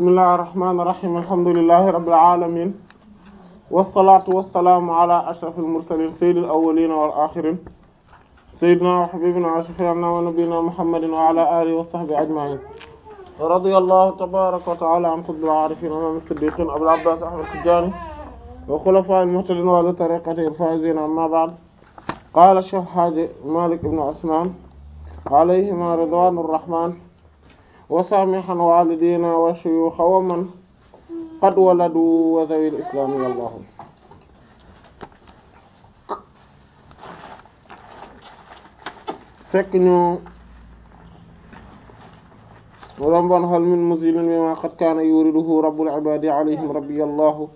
bismillahir rahmanir rahim alhamdulillahi rabbil alamin wassalaatu wassalaamu ala ashrafil mursalin sayyidil awwalin wal akhirin sayyidina wa habibina wa shafi'ina wa nabiyyina muhammadin wa ala alihi wa sahbihi ajma'in radiyallahu tabaraka wa ta'ala an qutbil arifin imam as-siddiqin abul abbas ahmad tijani wa khulafa'il muhtadin wa ala tariqatihi al-faizin amma ba'd qala shaykh haji malik ibn usman alayhima ridwanur rahman wa samihan walidina wa shuyukha wa man qad waladu wa zawil islami wallahu fekk ñu romboon hal min muzilin mimma qad kaana yuriduhu rabbul ibadi alayhim rabbi allahu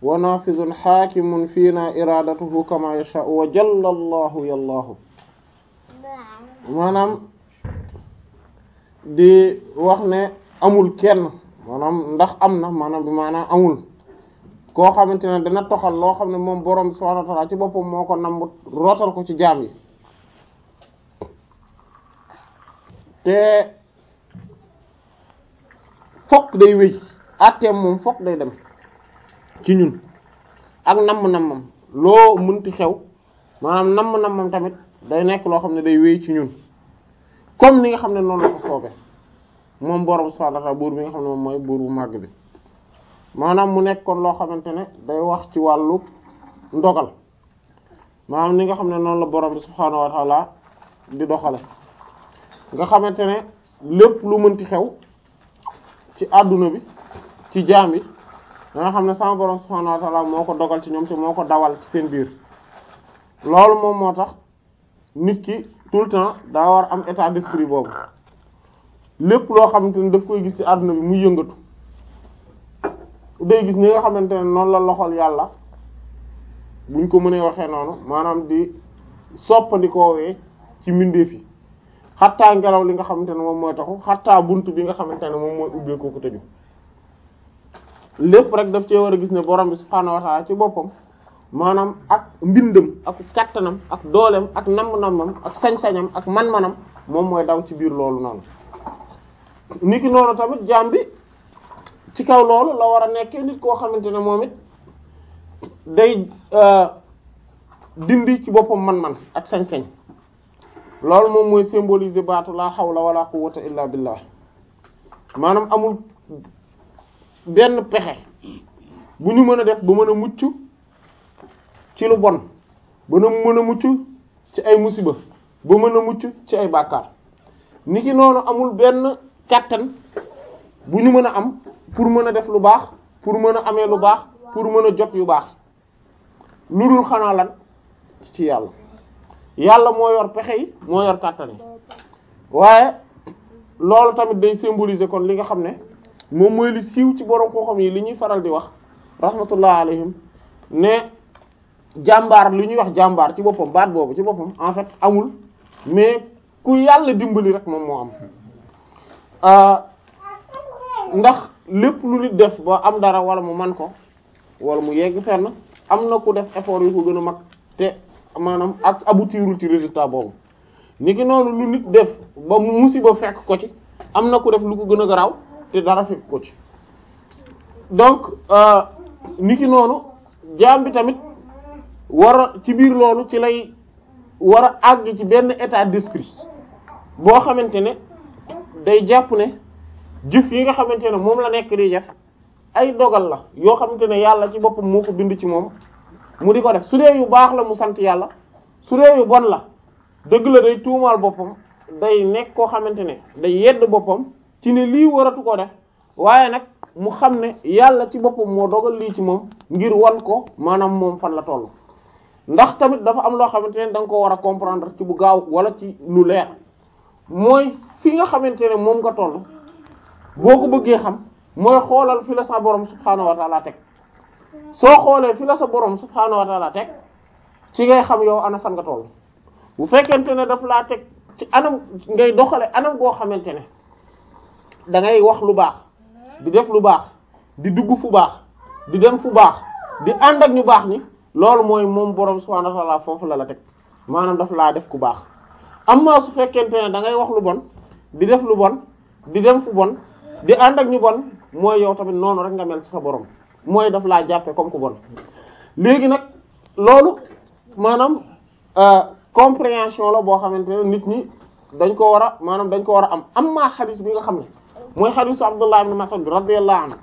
wa naafizun xaakimun fiina iradatuhu kama yashaa wa jalla allahu yallahu maanaam di wax ne amul kenn maanaam ndax am na maanaam bi maanaam amul koo xamante ne dana toxal loo xam ne moom boroom bi ci boppam ko namb rootal ko ci jaam yi te fokk day wéy atteem moom fokk day dem ci ñun ak nam nammam loo mënti xew maanaam namm-nammam tamit day nekk loo xam ne day wéy ci ñun comme ni nga xam ne noonu la ko soobee moom borom subhaanahu wa buur bi nga xam ne moom mooy buur bu màgg bi maanaam mu nekk kon loo xamante ne day wax ci wàllu ndogal maanaam ni nga xam ne noonu la borom bi subhaanahu wa ta'aala di doxale nga xamante ne lépp lu mënti xew ci àdduna bi ci jaam bi da nga xam ne sama borom subhaanahu wa ta'aala moo ko dogal ci ñoom te moo ko dawal ci seen biir loolu moom moo tax nit ki tout le temps daa war am état d'esprit boobu lépp loo xamante ni daf koy gis ci àdduna bi muy yëngatu day gis ni nga xamante ne noonu la loxol yàlla buñ ko mënee waxee noonu maanaam di soppandikoowee ci mbindeef yi xattaa ngelaw li nga xamante ni moom mooy taxu xatta bunt bi nga xamante ne moom mooy ubbee kooku tëju lépp rek daf cee war a gis ne borom bi subhaanahu wa ci boppam maanaam ak mbindam ak kattanam ak dooleem ak namm-nammam ak sañ-sañam ak man-manam moom mooy daw ci biir loolu noonu niki noonu tamit jaam bi ci kaw loolu la war a nekkee nit koo xamante ne moom it day euh, dindi ci boppam man-man ak sañ-sañ loolu moom mooy symboliser baatu laa xaw hawla wala quwwata illa billah maanaam amul benn pexe bu ñu mën a def bu mën a mucc ci lu bon ba na mën a mucc ci ay musiba ba mën a mucc ci ay bàkkaar ni ki noonu amul benn kàttan bu ñu mën a am pour mën a def lu baax pour mën a amee lu baax pour mën a jot yu baax lu dul xanaa lan ci yàlla yàlla moo yor pexe yi moo yor kàttan yi waaye loolu tamit day symboliser kon li nga xam ne moom mooy li siiw ci borom koo xam yi li ñuy faral di wax rahmatullah alayhim ne jàmbaar lu ñuy wax jàmbaar ci boppam baat boobu ci boppam en fait amul mais ku yàlla dimbali rek moom moo am euh, ndax lépp lu nit def ba am dara wala mu man ko wala mu yegg na am na ku def effort yu ko gën a mag te maanaam ak aboutirul ci résultat boobu ni noonu lu nit def ba mu musiba fekk ko ci am na ku def lu ko gën a garaaw te dara fekk ko ci donc euh, ni noonu jaam tamit war a ci biir loolu ci lay war a àgg ci benn état d'esprit boo xamante ne day jàpp ne jëf yi nga xamante ne moom la nekk di def ay dogal la yoo xamante ne yàlla ci boppam moo ko ci moom mu di ko def su dee yu baax la mu sant yàlla su dee bon la dëgg la day tuumaal boppam day nekk koo xamante ne day yedd boppam ci ne lii waratu ko def waaye nag mu xam ne yàlla ci boppam moo dogal lii ci moom ngir wan ko maanaam moom fan la tollu ndax tamit dafa am loo xamante ne da ko war a comprendre ci bu gaaw wala ci lu leer mooy fii nga xamante ne moom nga toll boo ko bëggee xam mooy xoolal fi la sa borom subhaanahu wa taala teg soo xoolee fi la sa borom subhaanahu wa taala teg ci ngay xam yow ana fan nga toll bu fekkente ne daf laa teg ci anam ngay doxale anam goo xamante ne da ngay wax lu baax di def lu baax di dugg fu baax di dem fu baax di ànd ak ñu baax ni loolu mooy moom borom subhaanahu wa ta'ala foofu la la teg maanaam daf laa def ku baax am amma su fekkente ne da ngay wax lu bon di def lu bon di dem fu bon di ànd ak ñu bon mooy yow tamit noonu rek nga mel ci sa borom mooy daf laa jàppee comme ku bon léegi nag loolu maanaam euh, compréhension la boo xamante ne nit ñi dañ ko war a maanaam dañ ko war a am amma xadis bi nga xam ne mooy xadisu Abdullah ibn Mas'ud radiyallahu anhu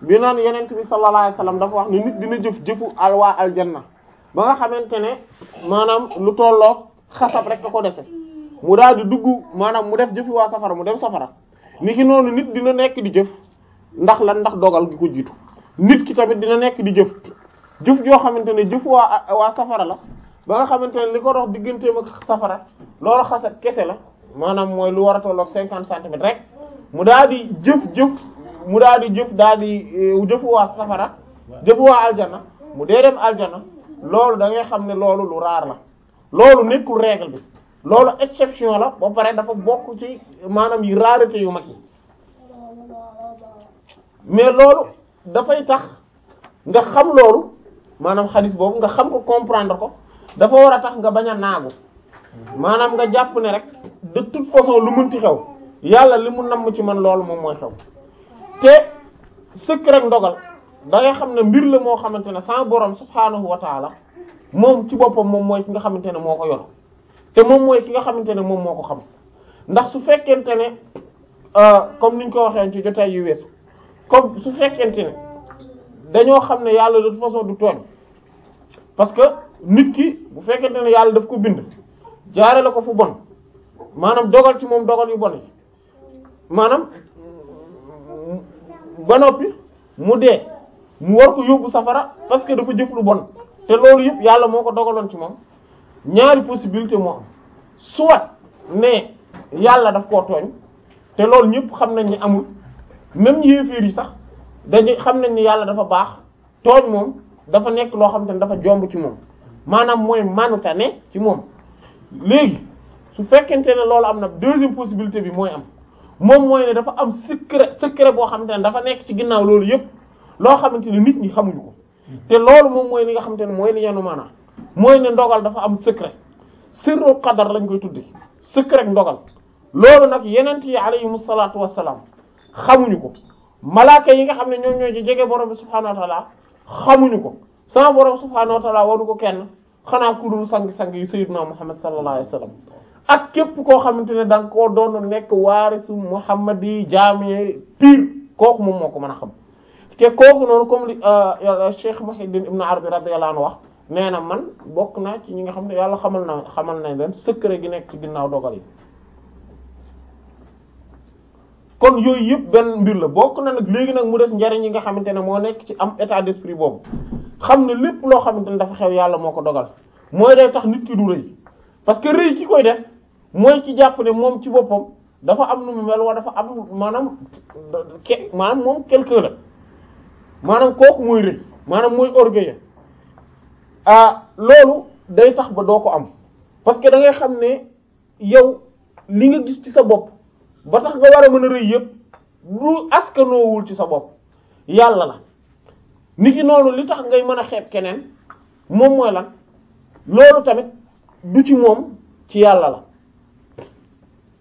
bi naan yenent bi sallallahu alayhi wasallam dafa wax ne nit dina jëf jëfu alwaa aljanna ba nga xamante ne maanaam lu tollook xasab rek a ko dese mu daal di dugg maanaam mu def jëfi waa safara mu dem safara ni noonu nit dina nekk di jëf ndax lan ndax dogal gi ko jiitu nit ki tamit dina nekk di jëf jëf joo xamante ne jëfu waa safara la ba nga xamante ne li ko dox digganteem safara loolu xasab kese la maanaam mooy lu war a tolloog cinquante centimètres rek mu daal jëf-jëf mu daal di jëf daal di eh, jëfuwaa safara jëfuwaa aljana mu dee dem aljana loolu da ngay xam ne loolu lu raar la loolu nekkul règle bi loolu exception la ba pare dafa bokk ci maanaam yi rareté yu mag yi mais loolu dafay tax nga xam loolu maanaam xadis boobu nga xam ko comprendre ko dafa war a tax nga bañ a naagu maanaam nga jàpp ne rek de toute façon lu mënti xew yàlla li mu namm ci man loolu moom mooy xew te sëkk rek ndogal da nga xam ne mbir la moo xamante ne sans borom subhaanahu wa taala moom ci boppam moom mooy ki nga xamante ne moo ko yor te moom mooy ki nga xamante ne moom moo ko xam ndax su fekkente ne euh, comme niñ ko waxee ci jotaay yu weesu comme su fekkente ne dañoo xam ne yàlla de toute façon du tooñ parce que nit ki bu fekkente ne yàlla daf ko bind jaare la ko fu bon maanaam dogal ci moom dogal yu bon yi maanaam ba noppi mu dee mu war ko yóbbu safara parce que dafa jëf lu bon te loolu yëpp yàlla moo ko dogaloon ci moom ñaari possibilité moo am soit ne yàlla daf koo tooñ te loolu ñëpp xam nañ ni amul même yéeféer yi sax dañu xam nañ ni yàlla dafa baax tooñ moom dafa nekk loo xam te ne dafa jomb ci moom maanaam mooy manuta ne ci moom léegi su fekkente ne loolu am na deuxième possibilité bi mooy am moom mooy ne dafa am secret secret boo xamante ne dafa nekk ci ginnaaw loolu yëpp loo xamante ne nit ñi xamuñu ko te loolu moom mooy li nga xamante ne mooy li yenu maanaam mooy ne ndogal dafa am secret sirru qadar lañ koy tudde secret ndogal loolu nag yenent yi alayhimu salaatu salaam xamuñu ko malaaka yi nga xam ne ñoom ñoo ci jege borom bi subhaanahu wa xamuñu ko saa borom subhaanahu wa taala waru ko kenn xanaa ku dul sang-sang yi sayyidina Muhammad sallallahu alayhi wa sallam ak képp koo xamante ne da nga koo doon nekk waarisu muhammadi jaami pire kooku moom moo ko mën a xam te kooku noonu comme li euh, Cheikh Muhiddin Ibn Arabi radiyallahu anhu wax nee na man bokk naa ci ñi nga xam ne yàlla xamal na xamal nañ leen secret gi nekk ginnaaw dogal yi kon yooyu yëpp benn mbir la bokk na nag léegi nag mu des njariñ yi nga xamante ne moo nekk ci am état d'esprit boobu xam ne lépp loo xamante ne dafa xew yàlla moo ko dogal mooy day tax mooy ci jàpp ne moom ci boppam dafa am nu mu mel wa dafa am maanaam ke maanaam moom quelqu'un la maanaam kooku mooy rëy maanaam mooy orgueil ah loolu day tax ba doo ko am parce que da ngay xam ne yow li nga gis ci sa bopp ba tax nga war a mën a rëy yëpp lu askanoowul ci sa bopp yàlla la ni ki noonu li tax ngay mën a xeeb keneen moom mooy lan loolu tamit du ci moom ci yàlla la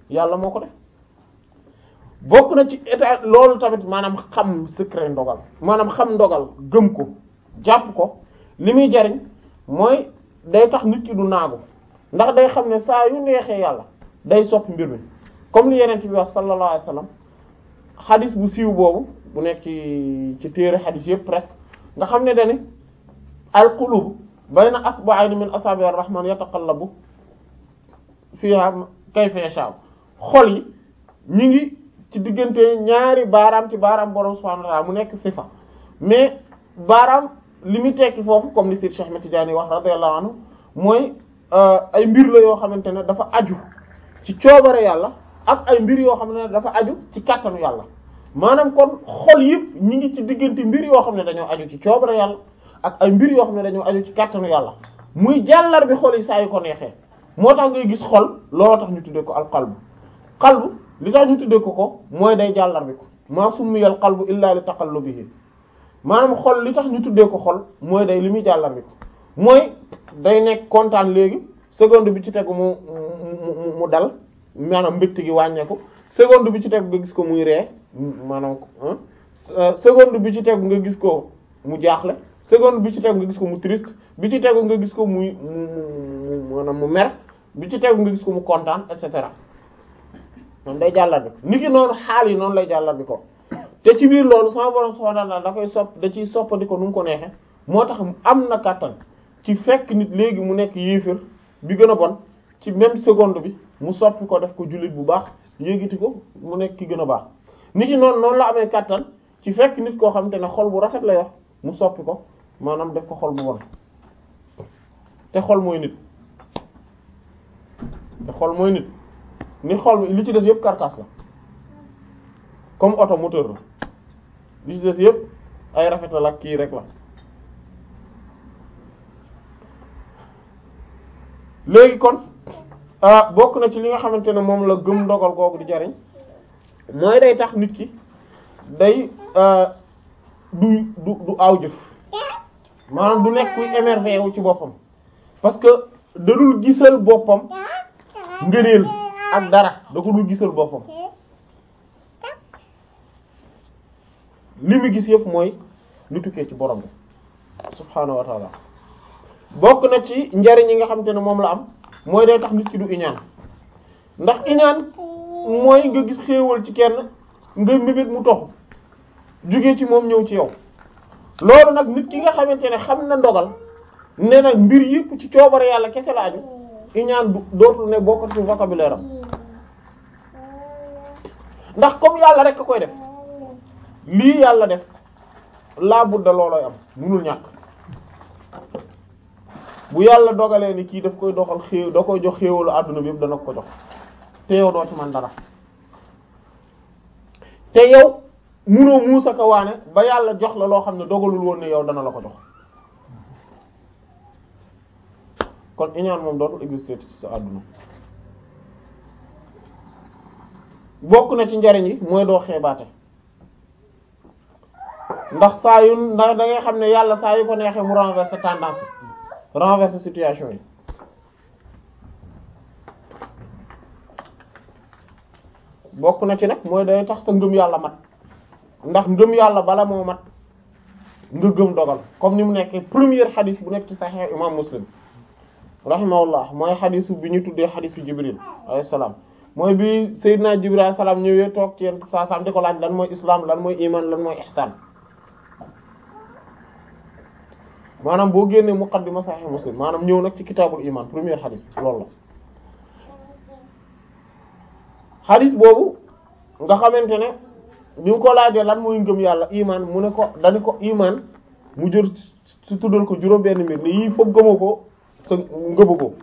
yàlla moo ko def bokk na ci état loolu tamit maanaam xam secret ndogal maanaam xam ndogal gëm ko jàpp ko li muy jariñ mooy day tax nit ki du naagu ndax day xam ne saa yu neexee yàlla day soppi mbir mi comme li yeneen bi wax sallallahu alayhi bu siiw boobu bu nekk ci ci téere xadis yëpp presque nga xam ne dane al qulub bayna asba'ayni min asabi'ir rahman yataqallabu fiha kayfa yasha xol yi ñu ngi ci diggante ñaari baaraam ci baaraam borom subhaanahu mu nekk si fa mais baaraam li muy tekki foofu comme li Cheikh Ahmed Tidiane wax radiyallahu anhu mooy euh, ay mbir la yoo xamante ne dafa aju ci coobare yàlla ak ay mbir yoo xam ne dafa aju ci kàttanu yàlla maanaam kon xol yëpp ñi ngi ci diggante mbir yoo xam ne dañoo aju ci coobare yàlla ak ay mbir yoo xam ne dañoo aju ci kàttanu yàlla muy jàllar bi xol yi saa yu ko neexee moo tax ngay gis xol looloo tax ñu tuddee ko alqalb xalbu li tax ñu tuddee ko ko mooy day jàllar bi ko maa summiyal xalbu illaa li taqallubihi maanaam xol li tax ñu tuddee ko xol mooy day li muy jàllar ko mooy day nekk kontaan léegi seconde bi ci tegu mu mu mu dal maanaam mbëtt gi wàññeeku seconde bi ci tegu nga gis ko muy ree maanaam euh, seconde bi ci tegu nga gis ko mu jaaxle seconde bi ci tegu gis ko mu triste bi ci tegu nga gis ko muy mu mu mu mer bi ci tegu nga gis ko mu kontaan et cetera moom day jàllar bi ko ni ki noonu xaal yi noonu lay jàllar ko te ci biir loolu sama borom subhaanahu wa ta'ala da koy sopp da ciy soppandi ko nu mu ko neexe moo tax am na kàttan ci fekk nit léegi mu nekk yéefér bi gën a bon ci même seconde bi mu soppi ko def ko jullit bu baax yéegiti ko mu nekk ki gën a baax nit ki noonu noonu la amee kàttan ci fekk nit koo xam te ne xol bu rafet la yor mu soppi ko maanaam def ko xol bu bon te xol mooy nit te xol mooy nit ni xol li ci des yëpp carcasse la comme oto moteur la li des yëpp ay rafetal ak kii rek la léegi kon ah, bokk na ci li nga xamante ne moom la gëm ndogal googu di jariñ mooy day tax nit ki day ah, du du du aw jëf maanaam du nekk kuy émerveillé wu ci boppam parce que dalul gisal boppam ngëneel ak dara da ko dul gisal boppam li mu gis yëpp mooy lu tukkee ci borom bi subhaanahu wa bokk na ci njariñ yi nga xamante ne moom la am mooy day tax nit ki du iñaan ndax iñaan mooy nga gis xéewal ci kenn nga mébét mu tox jóge ci moom ñëw ci yow loolu nag nit ki nga xamante ne xam na ndogal ne na mbir yëpp ci coobare yàlla kese la aju iñaan dootul ne bokkatu ci vocabulaire am ndax comme yàlla rek a koy def lii yàlla def laa budda loolooy am munul ñàkk bu yàlla dogalee ni kii daf koy doxal xéew da koy jox xéewalu àdduna bi yëpp dana ko jox te yow doo ci man dara te yow munoo muusa ka waane ba yàlla jox la loo xam ne dogalul woon ne yow dana la ko dox kon iñaan moom dootul exister ci sa àdduna bokk na ci njariñ yi mooy doo xeebaate ndax saa yu ndax da ngay xam ne yàlla saa yu ko neexee mu renverser tendance yi renverser situation bokk na ci nag mooy day tax sa ngëm yàlla mat ndax ngëm yàlla bala moo mat nga gëm dogal comme ni mu nekkee premier xadis bu nekk ci Sahih imam Muslim rahimahullah mooy xadisu bi ñu tuddee xadisu Jibril alayhi salaam mooy bii Seydina Jibril alayhi salaam ñëwee toog ci yenn saa saam di ko laaj lan mooy islaam lan mooy iman lan mooy ihsan maanaam boo génnee mu bi ma Sahih Muslim maanaam ñëw nag ci kitaabul iman premier xadis loolu la xadis boobu nga xamante ne bi mu ko laajee lan mooy ngëm yàlla iman mu ne ko dañu ko iman mu jël su tuddal ko juróom benn mbir ne yii foog gëmoo ko sa ngëbu ko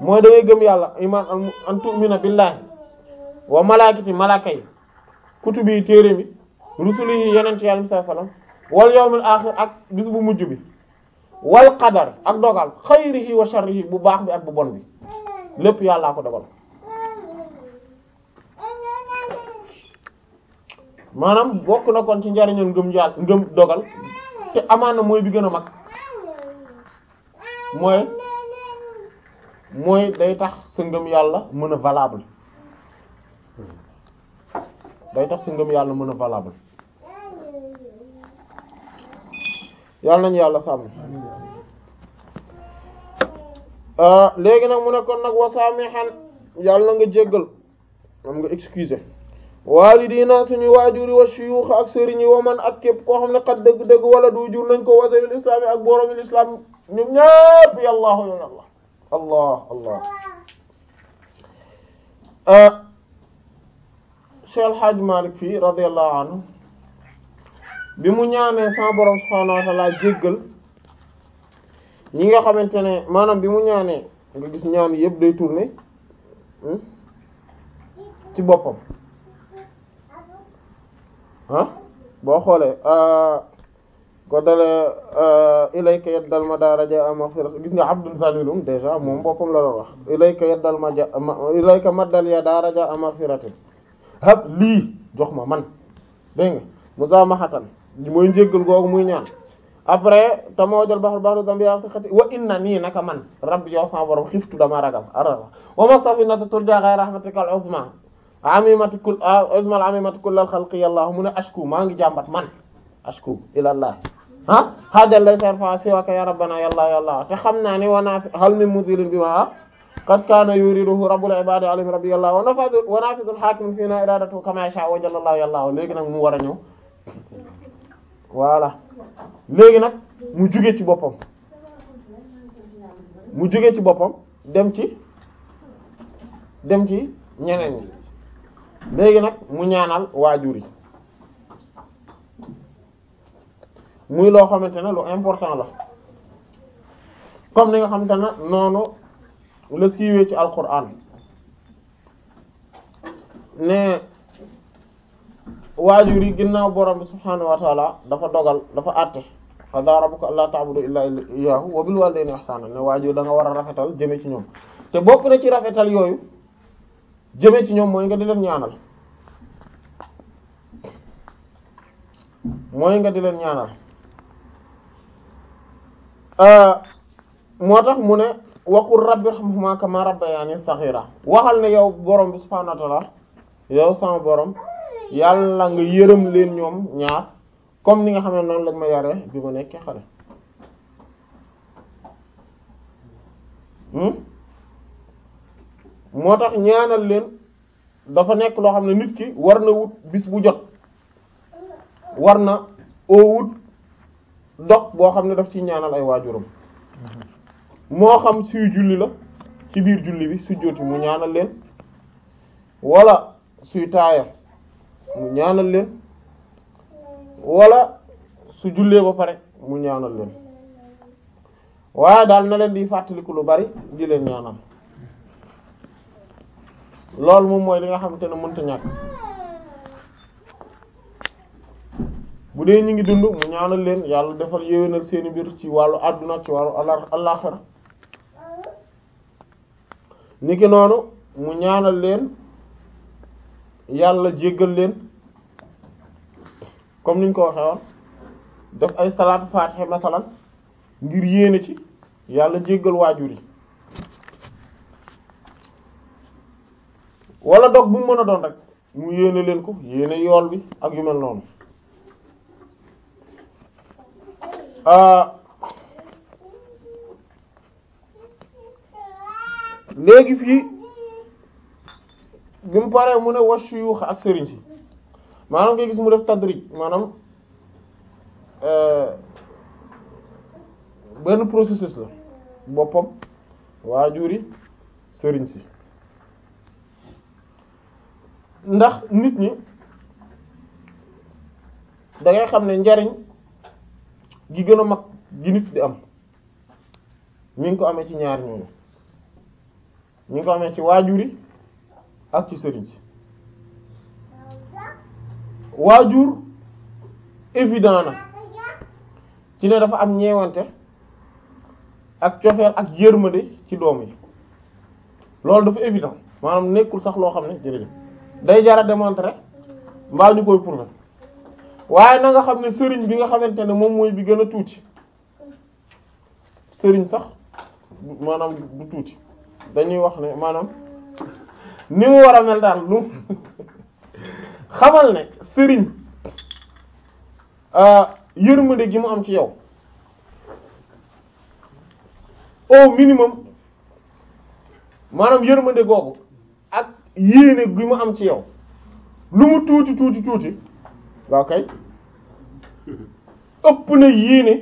mooy dangay gëm yàlla iman an tu'mina billahi wa malaikati malaaka yi kutubi yi téere bi rusuli yi yonent yàlla sallallahu alayhi wasallam wal yawmil akhir ak bis bu mujj bi wal qadar ak dogal xayrihi wa sharrihi bu baax bi ak bu bon bi lépp yàlla ko dogal maanaam bokk na koon ci njariñal ngëm yàlla ngëm dogal te amaana mooy bi gën a mag mooy mooy day tax sa yàlla mën a valable day tax sa ngëm yàlla mën a valable yàlla nañu yàlla sàmm ah, léegi nag mu ne kon nag wasaamixan yàlla na nga jéggal am nga excuse waalidina suñuy waajuri wa shuyuux ak sëriñ yi wa man ak képp koo xam ne xat dëgg-dëgg wala du jur nañ ko wasabil islaam yi ak boromil islam ñoom ñépp yàllaahu yàlla allah allah Cheikh El Hadj Malick fii radiyallahu anhu bi mu ñaanee sama borom subhaanahu wa ta'ala jéggal ñi nga xamante ne maanaam bi mu ñaanee nga gis ñaan yëpp day tourner hmm, ci boppam ah boo xoolee ko dale euh, ilayka yaddal madaraja a maghfira gis nga abdul zalilum ilayka yaddal maja daraja a maghfiratin hab lii jox ma man dégg nga mooy njéggal googu muy ñaan après tamoojal baxru baxru zambi wa inna nii naka man rabbi yow sama xiftu dama ragal arara wa ma amimati kul uzma al mu ne ashku maa ngi jàmbat man ashku ilallah ah xaajal lay sarfa siwaka ya rabbana yàlla yàlla te xam naa ne wanaa hal min musilin bi ma qad kaana yuriduhu rabbul ibadi alim rabbi yàlla wa nafadu wa nafidul hakim fii na iradatu kama yasha wa jalla allah léegi nag mu war a léegi nag mu jóge ci boppam mu jóge ci boppam dem ci dem ci ñeneen léegi nag mu ñaanal waajur yi muy loo xamante ne lu important la comme ni nga xamante ne noonu la siiwee ci alquran ne waajur yi ginnaaw borom bi subhaanahu wa taala dafa dogal dafa àtte qada rabbuka alla ta'budu illa iyyahu wa bil walidayni ne waajur da nga war a rafetal jëme ci ñoom te bokk na ci rafetal yooyu jëme ci ñoom mooy nga di leen ñaanal mooy nga di leen ñaanal Euh, moo tax mu ne waqul rabbi irhamhuma kama rabbayani saghira waxal ne yow borom bi subhanahu wa ta'ala yow sama yàlla nga yërëm leen ñoom ñaar comme ni nga xam ne noonu lañ ma yare bi ma nekkee xale hmm? moo tax ñaanal leen dafa nekk loo xam ne nit ki war na wut bis bu jot war na oo wut dog boo xam ne daf ci ñaanal ay waajuram moo xam suy julli la ci biir julli bi su joti mu ñaanal leen wala suy mu ñaanal wala su jullee ba pare mu ñaanal leen waaye daal na leen di fàttaliku lu bari di leen ñaanal loolu moom mooy li nga xamante ne mënta ñàkk bu dee ñu ngi dund mu ñaanal leen yàlla defal yéwénal seeni mbir ci wàllu àdduna ci wàllu ala àllaxira niki noonu mu ñaanal leen yàlla jéggal leen comme niñ ko waxee def ay salaatu faatiha masalan ngir yéene ci yàlla jéggal waajur yi wala dog bu mu mën a doon rek mu yéene leen ko yéene yool bi ak yu mel noonu Ah. léegi fii bi mu paree mu ne wa shuyukh ak sëriñ si maanaam ngay gis mu def tadrij maanaam eh, benn processus la boppam waajuri sëriñ si ndax nit ñi da xam ne njariñ gi gën a mag gi nit di am mi ngi ko amee ci ñaar ñooñu mi ngi ko amee ci waajur yi ak ci sëriñ si waajur évident na ci ne dafa am ñeewante ak cofeel ak yërmande ci doom yi loolu dafa évident maanaam nekkul sax loo xam ne day jara démontrer mbaa ñu koy prouver waaye na nga xam ne sëriñ bi nga xamante ne moom mooy bi gën a tuuti sëriñ sax maanaam bu tuuti dañuy wax ne maanaam ni mu war a mel daal xamal ne sëriñ euh, yërmande gi mu am ci yow au minimum maanaam yërmande googu ak yéene gi mu am ci yow lu mu tuuti tuuti tuuti waaw kay ëpp na yéene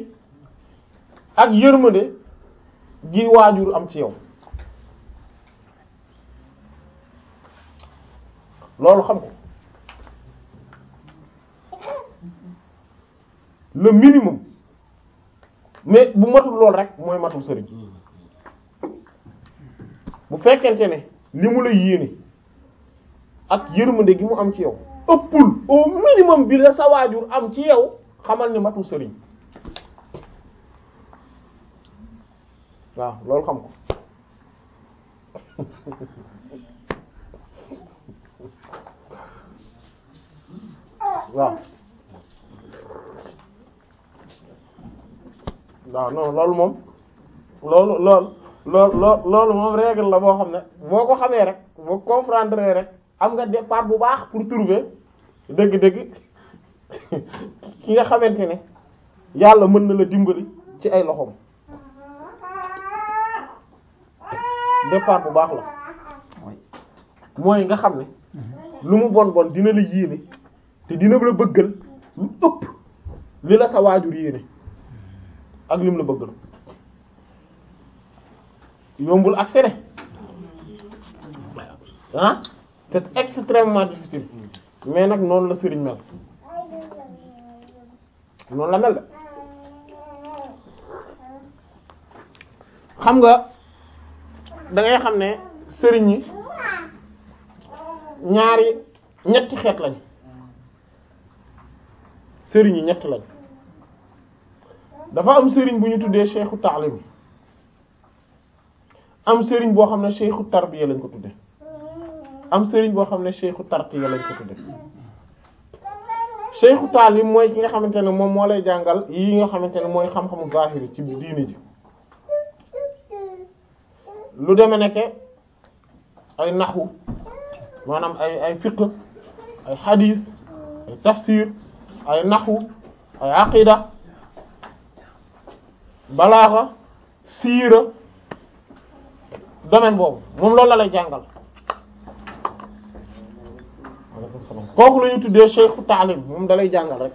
ak yërmande ji waajur am ci yow loolu xam ko le minimum mais bu matul lool rek mooy matul sëriñ bu fekkente ne li mu la yéene ak yërmande gi mu am ci yow ëppul au minimum bi la sa waajur am ci yow xamal ni matul sëriñ waaw loolu xam ko waaw waaw non loolu moom loolu loolu loolu moom règle la boo xam ne boo ko xamee rek boo comprendre rek am nga départ bu baax pour trouver dëgg-dëgg ki nga xamante ne yàlla mën na la dimbali ci ay loxoom départ bu baax la mooy nga xam ne lu mu bon bon dina la yéene te dina la bëggal lu ëpp li la sa yéene ak lim la bëggal yombul accès ah c'est extrêmement difficile mais nag noonu la sëriñ mel noonu la mel de xam nga da ngay xam ne sëriñ yi ñaari ñetti xeet lañ sëriñ yi ñett lañ dafa am sëriñ bu ñu tuddee seexu cheikhu bi am sëriñ boo xam ne cheikhu tarbiya lañ ko tuddee am sëriñ boo xam ne seexu tarqiya lañ ko tudde seexu taalim mooy ki nga xamante ne moom moo lay jàngal yi nga xamante ne mooy xam-xamu zahiri ci diini ji lu deme nekke ay naxu maanaam ay ay fiqh ay xadiis ay tafsir ay naxu ay aqida balaaxa siira domaine boobu moom loolu la lay jàngal kooku lañuy tuddee cheikhu taalim moom dalay jàngal rek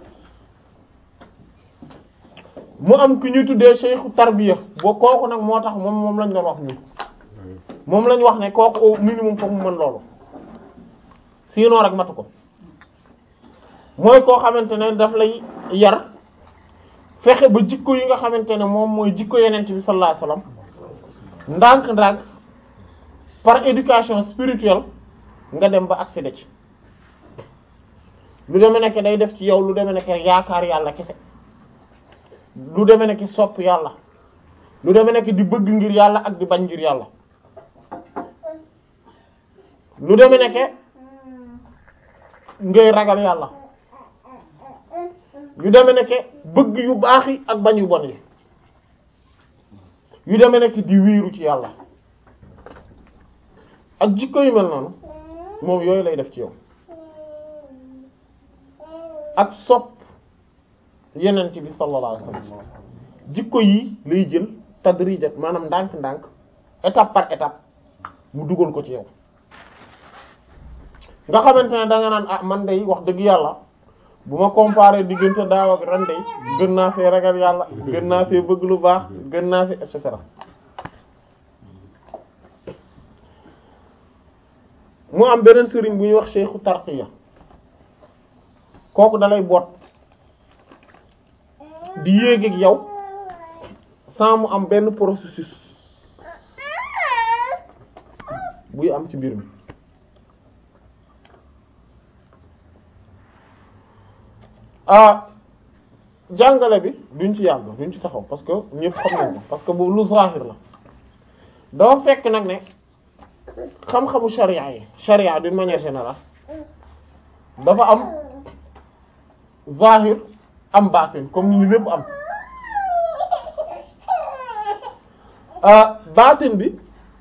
mu am ki ñuy tuddee cheikhu tarbiya boo kooku nag moo tax moom moom lañ doon wax ñu moom lañ wax ne kooku au minimum foofu mu mën loolu sinon rek matu ko mooy koo xamante ne daf lay yar fexe ba jikko yi nga xamante ne moom mooy jikko yeneen bi sallallahu alayhi wasallam ndànk-ndànk par éducation spirituelle nga dem ba accéder ci lu deme nekk day def ci yow lu deme nekk yaakaar yàlla kese lu deme nekk sopp yàlla lu deme nekk di bëgg ngir yàlla ak di bañ ngir yàlla lu deme nekk ngay ragal yàlla yu deme nekk bëgg yu baax yi ak bañ yu bon yi yu deme nekk di wiiru ci yàlla ak jikko yu mel noonu moom yooyu lay def ci yow ak sopp yenent bi sallallahu alayhi wasallam jikko yi lay jël tadrijat maanaam ndànk-ndànk étape par étape mu dugal ko ci yow nga xamante ne danga naan ah man day wax dëgg yàlla bu ma comparé diggante daaw ak ren gën naa fee ragal yàlla gën naa fee bëgg lu baax gën naa fi et cetera mu am beneen sëriñ bu ñuy wax seexu tarqiya kooku dalay boot di yéeg ak yow sans mu am benn processus buy am ci biir mi ah jàngale bi duñ ci yàgg duñ ci taxaw parce que ñëpp xam nañ ko parce que bu lu zahir la dafa fekk nag ne xam-xamu sharia yi sharia d'une manière générale dafa am zahir am baatin comme ni lépp am ah, baatin bi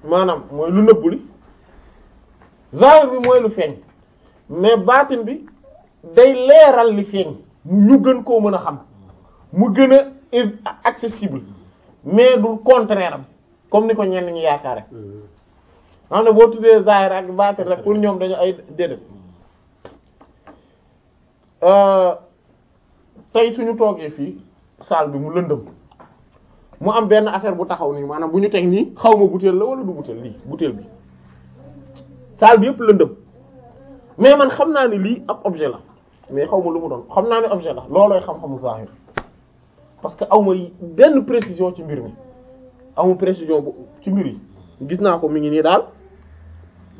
maanaam mooy lu nëbbu li zahir bi mooy lu feeñ mais baatin bi day leeral li feeñ ñu gën koo mën a xam mu gën a accessible mais du contraire am comme ni ko ñenn ñi yaakaare mm-hmm. xam ne boo tuddee zahir ak baatin rek pour ñoom dañu ay déedéet mm-hmm. ah, tey suñu toogee fii salle bi mu lëndëm mu am benn affaire bu taxaw nii maanaam bu ñu teg nii xaw ma butéel la wala du butéel lii butéel bi salle bi yëpp lëndëm mais man xam naa ni lii ab objet la mais xaw ma lu mu doon xam naa ne objet la loolooy xam-xamu zahir parce que aw ma benn précision ci mbir mi aw ma précision bu ci mbir yi gis naa ko mi ngi nii daal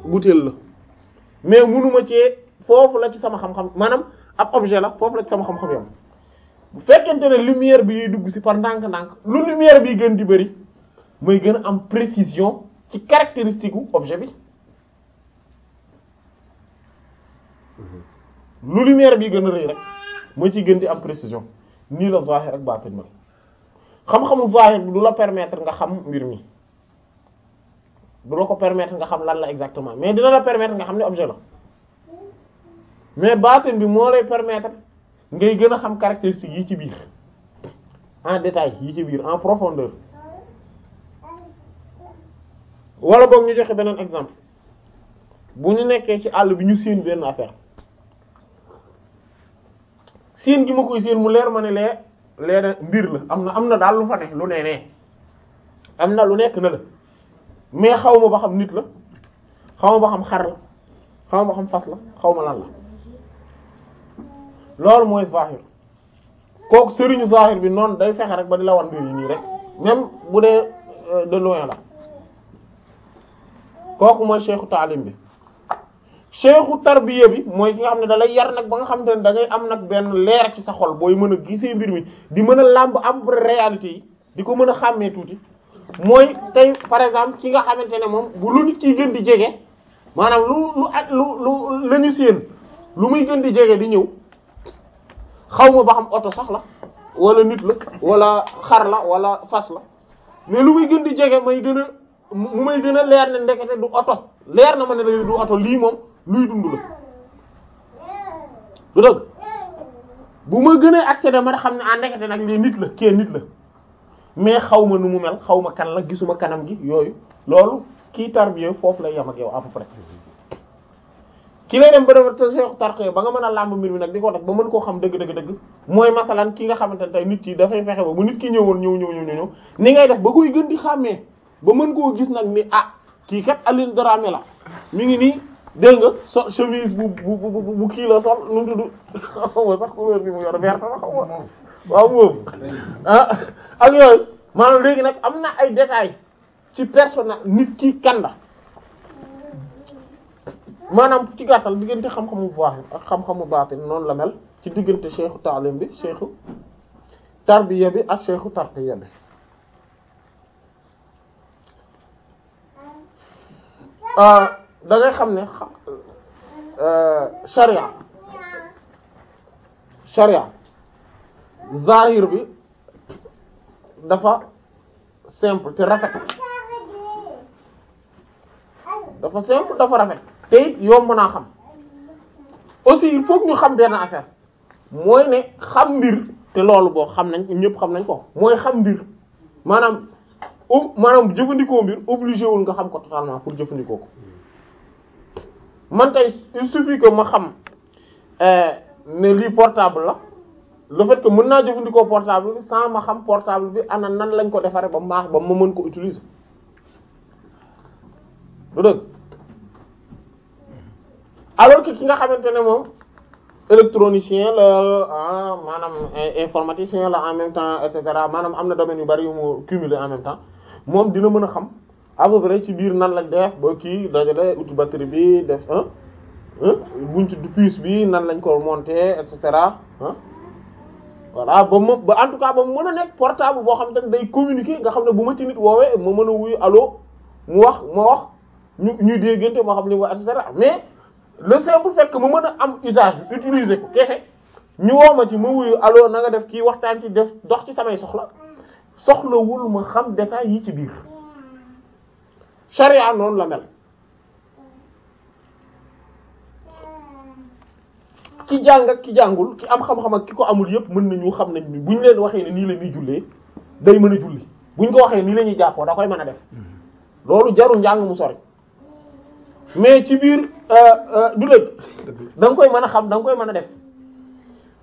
butéel la mais munu ci foofu la ci sama xam-xam maanaam ak objet la foofu la ci sama xam-xam bu fekkente ne lumière bi yuy dugg si par ndànk-ndànk lu lumière bi gën di bëri mooy gën a am précision ci caractéristique u objet bi mhm. lu lumière bi gën a rëy rek mooy ci gën di am précision nii la zahir ak baatin ma xam-xamu zahir bi du la permettre nga xam mbir mi du la ko permettre nga xam lan la exactement mais dina la permettre nga xam ne objet la mais baatin bi moo lay permettre ngay gën a xam caractéristiques yi ci biir en détail yi ci biir en profondeur wala boog ñu joxe beneen exemple bu ñu nekkee ci àll bi ñu séen benn affaire séen gi ma koy séen mu leer ma ne lee leer mbir la am na am na daal lu fa ne lu nee am na lu nekk na la mais xaw ma ba xam nit la xaw ma ba xam xar la xaw ma ba xam fas la xaw ma lan la loolu mooy zahir kooku sëriñu zahir bi noonu day fexe rek ba di la wan mbir yi nii rek même bu dee euh, de loin la kooku mooy cheikhu taalim bi cheikhu tarbiya bi mooy ki nga xam ne da lay yar nag ba nga xam te ne da ngay am nag benn leer ci sa xol booy mën a gisee mbir mi di mën a làmb am réalité yi di ko mën a xàmmee tuuti mooy tey par exemple ki nga xamante ne moom bu lu nit kiy gën di jege maanaam lu lu lu lu lañu seen lu muy gën di jege di ñëw xaw ma ba xam oto sax la wala nit la walla xar la wala fas la mais lu muy gën di jege may gën a mu may gën a leer ne ndekete du oto leer na ma ne du oto lii moom luy dund la du dëgg bu ma gën a accéder ma xam ne ah ndekete nag lii nit la kee nit la mais xaw ma nu mu mel xaw ma kan la gisuma kanam gi yooyu loolu kii tarbiya foofu lay yam ak yow à ki lay dem ba ba nga man a làmb mbir mi nag di ko def ba mën koo xam dëgg dëgg dëgg mooy masalan ki nga xamante ne tey nit yi dafay fexe ba bu nit ki ñëwoon ñëw ñëw ngay def ba koy gën di xàmmee ba mën koo gis nag ni ah kii kat Alioune Dramé la mu ngi nii dégg nga so chemise bu bu bu bu kii la sol nu mu tudd xaw ma sax bi mu yor vert la xaw ma waaw moom ah ak yooyu maanaam léegi nag am na ay détails ci personnel nit ki kan la maanaam ci gàttal diggante xam-xamu zaahir ak xam-xamu baatin noonu la mel ci diggante cheikhu taalim bi cheikhu tarbiya bi ak cheikhu tarqiya bi ah, da xam ne euh, sharia sharia zahir bi dafa simple te rafet dafa simple dafa rafet te it yomb naa xam aussi il ñu xam benn affaire mooy ne xam mbir te loolu boo xam nañ ñëpp xam nañ ko mooy xam mbir maanaam maanaam jëfandikoo mbir obligé wul nga xam ko totalement pour jëfandikoo ko man tey il suffit que ma xam euh, ne lii portable la le fait que mën naa jëfandikoo portable bi sans xam portable bi ana nan lañ ko defaree ba mu baax ba ma mën ko utiliser du dëgg alors que ki nga xamante ne moom électronicien la ah, maanaam eh, informaticien la en même temps et maanaam am na domaine yu bari yu mu cumulé en même temps moom dina mën a xam à peu ci biir nan lañ def ba kii dajale outil batterie bi def ah buñ ci puce bi nan lañ ko monter et cetera ah voilà ba mu ba en tout cas ba mu mën a nekk portable boo xam te ne day communiquer nga xam ne bu ma ci nit woowee ma mën a wuyu aloo mu wax ma wax ñu ñuy déggante moo xam ne wa et cetera mais le simple bu fekk ma mën a am usage bi utiliser ko kese ñu woo ma ci ma wuyu allo na nga def kii waxtaan ci def dox ci samay soxla soxlawul ma xam détails yi ci biir charia noonu la mel ki jàng ak ki jàngul ki am xam-xam ak ki ko amul yépp mën nañu xam nañ ni bu ñu leen waxee ne nii la ñuy jullee day mën a julli bu ñu ko waxee nii la ñuy jàppoo da koy mën a def hmm. loolu jarul njàng mu sori mais ci biir euh, euh, du dëgg da nga koy mën a xam danga koy mën a def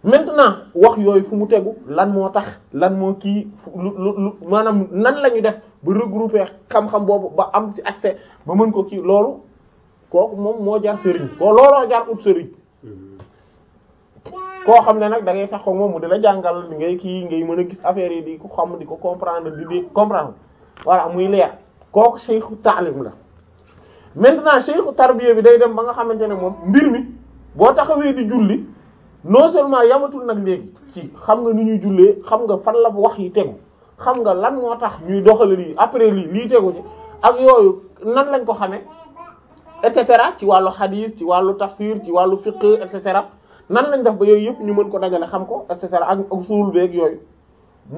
maintenant wax yooyu fu mu tegu lan moo tax lan moo kii lu lu maanaam nan la ñuy def ba regrouper xam-xam boobu ba am ci accès ba mën ko kii loolu kooku moom moo jar sëriñ ko looloo jar ut sëriñ mm-hmm. koo xam ne nag da ngay tax ko moom mu di la jàngal di ngay kii ngay mën a gis affaire yi di ko xam di ko comprendre di di comprendre voilà muy leer kooku saytu taalim la maintenant cheikhu tarbiya bi day dem ba nga xamante ne moom mbir mi boo taxawee di julli non seulement yamatul nag léegi ci xam nga ni ñuy jullee xam nga fan la wax yi tegu xam nga lan moo tax ñuy doxale lii après lii lii tegu ci ak yooyu nan lañ ko xamee et cetera ci wàllu hadith ci wàllu tafsir ci wàllu fiqh et cetera nan lañ def ba yooyu yëpp ñu mën ko dajale xam ko et cetera ak usul beeg yooyu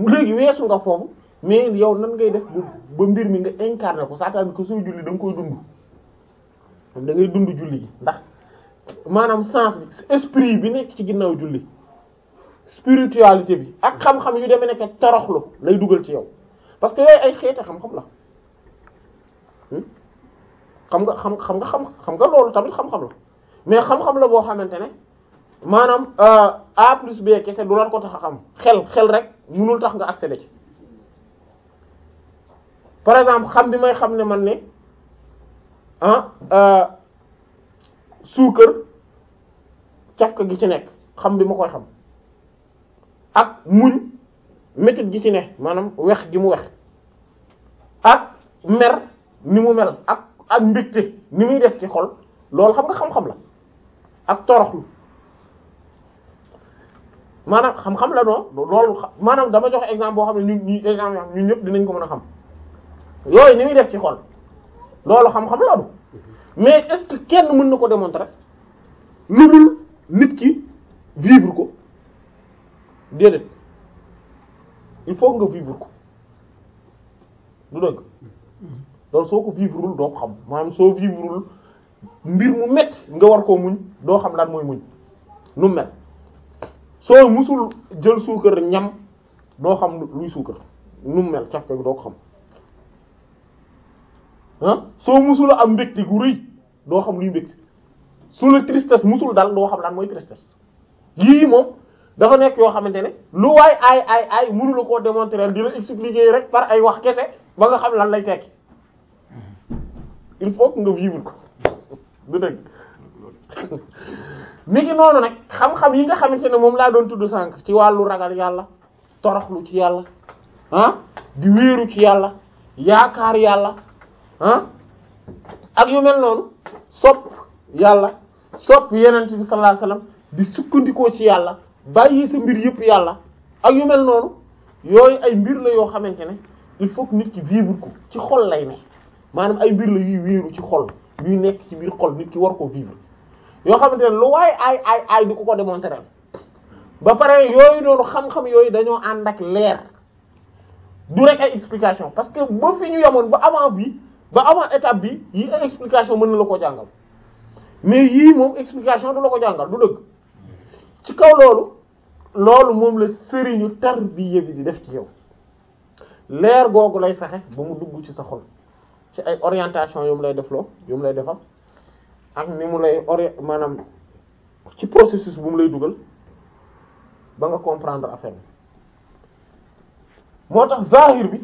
léegi weesu nga foofu mais yow nan ngay def ba mbir mi nga incarné ko c'est-à-dire que soo julli koy dund da ngay dund julli gi ndax maanaam sens bi esprit bi nekk ci ginnaaw julli spiritualité bi ak xam-xam yu demee nekk toroxlu lay dugal ci yow parce que yooyu ay xeeti xam-xam la hmm? xam nga xam xam nga xam xam nga loolu tamit xam-xam la mais xam-xam la boo xamante ne maanaam euh, A plus B kese du lan ko tax a xam xel xel rek mënul tax nga accéder ci par exemple xam bi may xam ne man ne. ah euh, suukar cafka gi ci nekk xam bi ma koy xam ak muñ métit gi ci ne maanaam wex gi mu wex ak mer ni mu mel ak ak mbégte ni muy def ci xol loolu xam nga xam-xam la ak toroxlu maanaam xam-xam la non loolu maanaam dama jox exemple boo xam ne ñu ñu exemple yoo xam ñun ñëpp dinañ ko mën a xam yooyu ni muy def ci xol loolu xam-xam la du mais est-ce que kenn mën na ko démontrer lu dul nit ki vivre ko déedéet il faut nga vivre ko du dëgg loolu soo ko vivrewul doo ko xam maanaam soo vivrewul mbir mu metti nga war koo muñ doo xam lan mooy muñ nu mel soo musul jël suukar ñam doo xam luy suukar nu mel caf ko doo ko xam ah soo musula am mbégte gu rëy doo xam luy mbégte su la tristesse musul dal doo xam lan mooy tristesse yii moom dafa nekk yoo xamante ne lu waay ay ay ay mënu la koo démontrer di la expliquer rek par ay wax kese ba nga xam lan lay tekki il faut que nga vivre ko du dëgg mi ngi noonu nag xam-xam yi nga xamante ne moom laa doon tudd sànq ci wàllu ragal yàlla toroxlu ci yàlla ah di wéeru ci yàlla yaakaar yàlla Ah, ak yu mel noonu sopp yàlla sopp yenent bi sallallahu alayhi di sukkandikoo ci yàlla bàyyi sa mbir yëpp yàlla ak yu mel noonu yooyu ay mbir la yoo xamante ne il faut que nit ki vivre ko ci xol lay ne maanaam ay mbir la yuy wéeru ci xol yuy nekk ci biir xol nit ki war ko vivre yoo xamante ne lu waaye aay aay aay di ko ko démontrer ba pare yooyu noonu xam-xam yooyu dañoo ànd ak leer du rek ay explication parce que ba fi ñu yemoon ba avant bi ba avant étape bi yi ay explication mën na la ko jàngal mais yii moom explication du la ko jàngal du dëgg ci kaw loolu loolu moom la sëriñu tarbiya bi di def ci yow leer googu lay fexe ba mu dugg ci sa xol ci ay orientation yu mu lay def loo yu lay defal ak ni mu lay ori maanaam ci processus bu mu lay dugal ba nga comprendre affaire moo tax zahir bi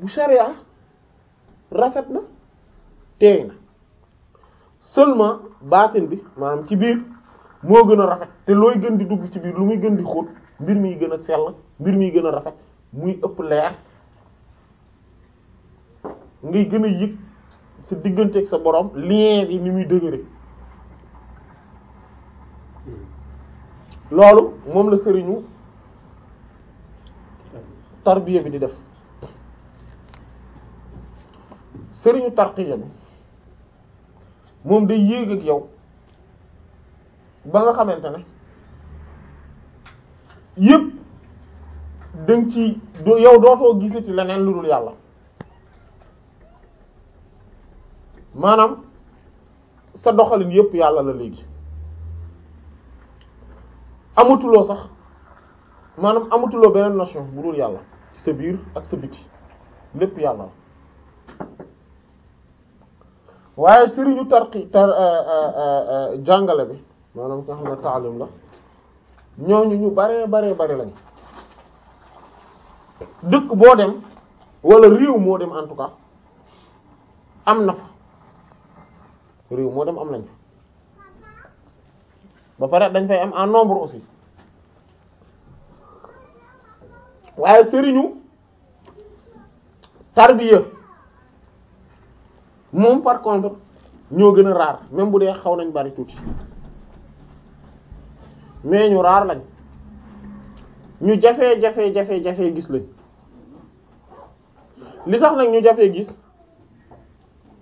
bu sharia rafet na teey na seulement baatin bi maanaam ci biir moo gën a rafet te looy gën di dugg ci biir lu muy gën di xóot mbir miy gën a sell mbir miy gën a rafet muy ëpp leer ngay gën a yëg sa diggante ak sa borom lien bi ni muy dëgëre loolu moom la sëriñu tarbiya bi di def sëriñu tarqiya bi moom day yéeg ak yow ba nga xamante ne yëpp danga ci yow dootoo gise ci leneen lu dul yàlla maanaam sa doxalin yëpp yàlla la léegi amatuloo sax maanaam amatuloo beneen nation bu dul yàlla ci sa biir ak sa biti lépp yàlla la waaye sëriñu tarqi tar euh, euh, euh, jàngale bi maanaam nga xam ne taalim la ñooñu ñu bare bare bare lañ dëkk boo dem wala réew moo dem en tout cas am na fa réew moo dem am nañ fa ba pare dañ fay am en nombre aussi waaye sëriñu tarbiya moom par contre ñoo gën a raar même bu dee xaw nañ bari tuuti mais ñu raar lañ ñu jafe jafe jafe jafee gis lañ li tax nag ñu jafe gis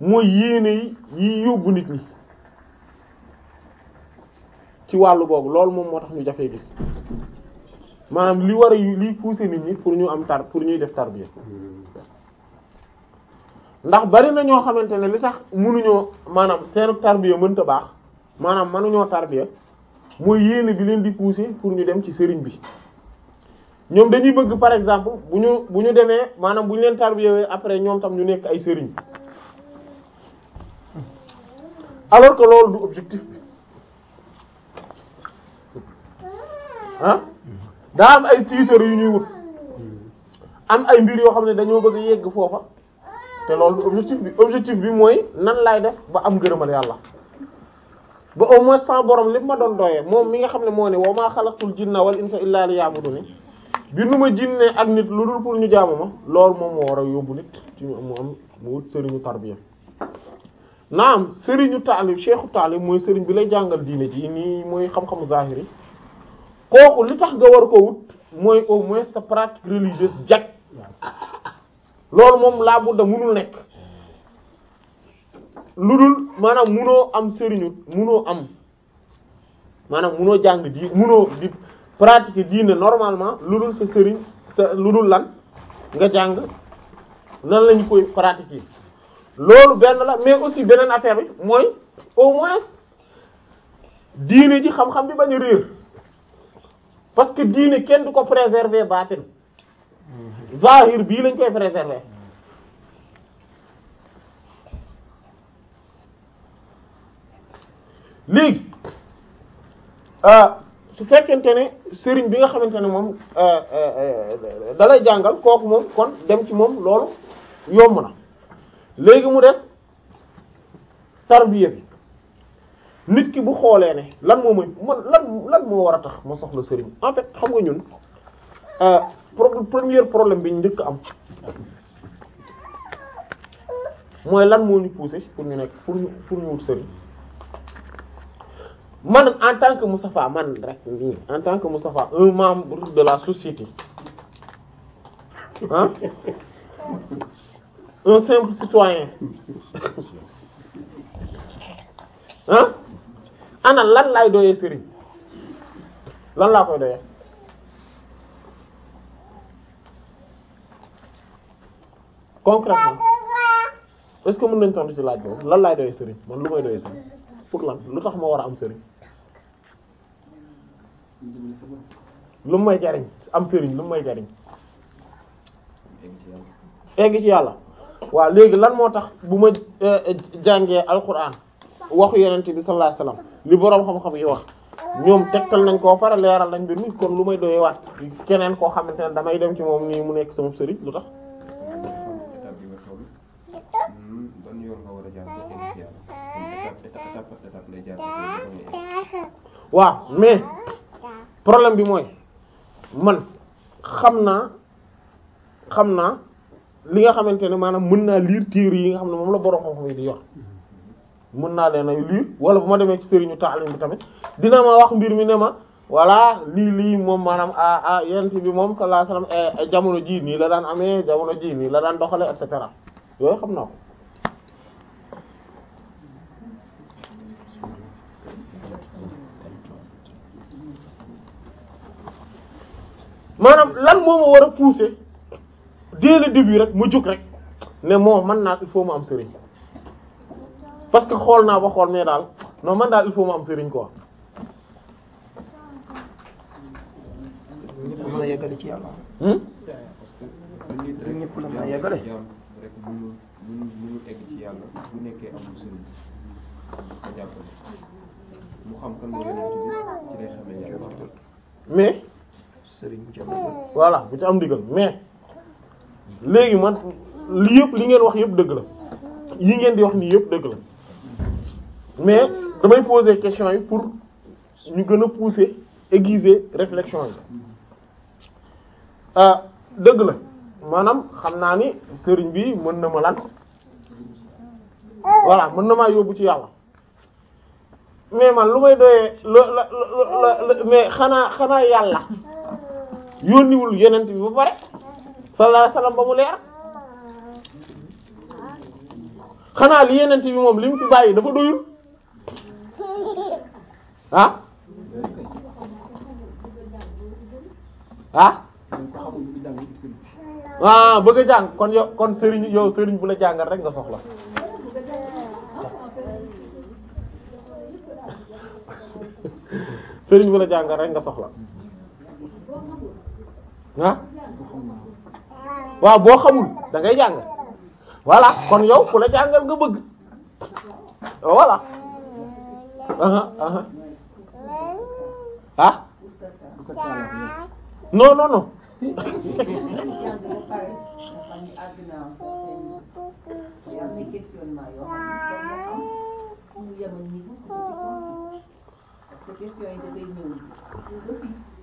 mooy yéene yi yóbbu nit ñi ci wàllu boobu loolu moom moo tax ñu jafee gis maanaam li war a liy pousser nit ñi pour ñu am tar pour ñuy def tarbiya ndax bari na ñoo xamante ne li tax mënuñoo maanaam seen tarbiya mënta baax maanaam mënuñoo tarbiya mooy yéene bi leen di pousser pour ñu dem ci sëriñ bi ñoom dañuy bëgg par exemple bu ñu bu ñu demee maanaam bu ñu leen tarbiya après ñoom tam ñu nekk ay sëriñ alors que loolu du objectif bi ah daa am ay titre yu ñuy wut am ay mbir yoo xam ne dañoo bëgg yegg foofa. te loolu objectif bi objectif bi mooy nan laay def ba am gërëmal yàlla ba au moins sans borom lépp ma doon doyee moom mi nga xam ne moo ne wa maa xalaqtul jinna wal insa illa liya'buduni bi nu ma jinnee ak nit lu dul pour ñu jaamu ma lool moom moo war a yóbbu nit ci mu am mu wut sëriñu tarbiya naam sëriñu taalim cheikhu taalim mooy sëriñ bi lay jàngal diine ji nii mooy xam-xamu zahiri kooku li tax nga war ko wut mooy au moins sa pratique religieuse jag loolu moom laa budda munul nekk lu dul maanaam munoo am sëriñu munoo am maanaam munoo jàng di munoo di pratiquer diine normalement lu dul sa sëriñ lu dul lan nga jàng nan lañu koy pratiquer loolu benn la mais aussi beneen affaire bi mooy au moins diine ji xam-xam bi bañ a réer parce que diine kenn du ko préserver baatin zahir bii lañ koy préserver léegi euh, su fekkente ne sëriñ bi nga xamante ne moom euh, euh, dalay jàngal kooku moom kon dem ci moom loolu yomb na léegi mu def tarbiya bi nit ki bu xoolee ne lan moo mooy man lan lan moo war a tax ma soxla sëriñ en fait xam nga ñun problème premier problème bi njëkk am mooy lan moo ñu poussé pour ñu nekk pour ñu pour ñu wut man en tant que Moustapha man rek nii en tant que Moustapha un membre de la société ah un simple citoyen ah ana lan laay doyee sëriñ lan laa koy doyee. concrètement est-ce que mën nañ tontu ci laaj boobu lan laay doyee sëriñ man lu may doyee sëriñ pour lan lu tax ma war a am sëriñ lu may jariñ am sëriñ lu may jariñ egg ci yàlla waaw léegi lan moo tax bu ma eh, jàngee alquran waxu yenente bi sallallahu alayhi wasallam li boroom xam-xam yi wax ñoom tegtal nañ koo pare leeral nañ bi nit kon lu may doyee waat keneen koo xamante ne damay dem ci moom nii mu nekk sama sëriñ lu tax waaw mais problème bi mooy man xam naa xam naa li nga xamante ne maanaam mën naa liir téere yi nga xam ne moom la borom xam-xam yi di yor mën naa leen ay lire wala bu ma demee ci sëriñu taalim bi tamit dina ma wax mbir mi ne ma voilà lii lii moom maanaam a ah yent bi moom sallallahu alayhi eh, eh, jamono jii nii la daan amee jamono ji nii la daan doxale et cetera yooyu xam naa ko maanaam lan moo ma war a pousser dès le début rek mu jug rek ne moo man naa il faut mu am sëriñ parce que xool naa ba xool mais daal non man daal il faut mu am sëriñ mën a yeggale ci yàlla. Hmm? ñëpp la mën yàlla bu nekkee amul sëriñ xam mais. sëriñ hmm. bu ci am ndigal voilà bu ci am mais léegi man li yëpp li ngeen wax yëpp dëgg la yi ngeen di wax nii yëpp dëgg la mais damay poser question yi pour ñu gën a pousser aiguiser réflexion yi ah, dëgg la maanaam xam naa ni sëriñ bi mën na ma lan voilà mën na maa yóbbu ci yàlla mais man lu may doyee la la la mais xanaa xanaa yàlla yónniwul yonent bi ba pare sallallahu alayhi wasallam ba mu leer xanaa li yonent bi moom li mu fi bàyyi dafa doyul ah ah ah bëgg a jàng kon yow kon sëriñ yow sëriñ bu la jàngal rek nga soxla sëriñ bu la jàngal rek nga soxla ah waaw boo xamul dangay ngay jàng kon yow ku la jàngal nga bëgg aha aha ah non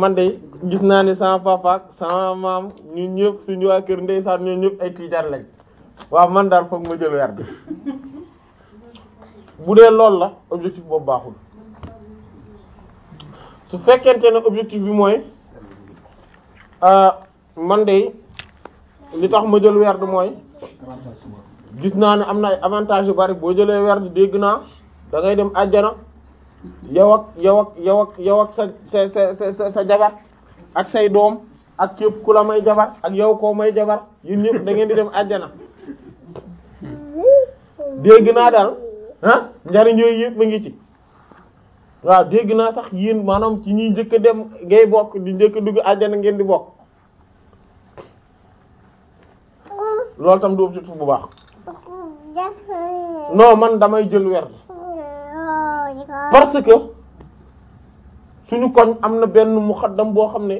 man de gis naa ni sama papa ak sama maam ñun ñëpp suñu waa kër ndeysaan ñun ñëpp ay tiijaan lañ waaw man daal foog ma jël weer bi bu dee lool la objectif boobu baaxul su fekkente ne objectif bi mooy ah, man de li tax ma jël weer bi mooy gis naa ne am na ay avantages yu bari boo jëlee weer bi dégg naa da ngay dem àjjana. yow ak yow yow yow ak sa sa sa sa sa jabar ak say doom ak képp ku la may jabar ak yow koo may jabar yu ñëpp da ngeen di dem àjjana dégg naa daal ah njariñ yooyu yëpp ma ngi ci waaw dégg naa sax yéen maanaam ci ñuy njëkk a dem ngay bokk di njëkk dugg àjjana ngeen di bokk loolu tam du objectif bu baax non man damay jël werd parce que suñu koñ am na benn muxaddam boo xam ne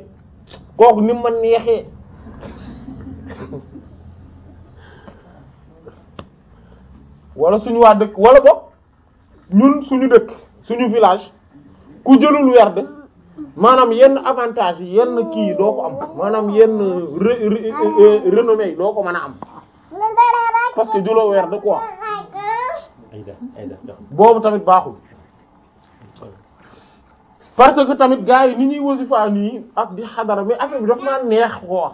kooku ni ma neexee wala suñu waa dëkk wala boog ñun suñu dëkk suñu village ku jëlul werd maanaam yenn avantage yi yenn kii doo ko am maanaam yenn renommée yi doo ko mën a am parce que jëloo werd quoi boobu tamit baaxul parce que tamit gars yi ni ñuy wasifa nii ak di xadara mais affaire bi daf maa neex quoi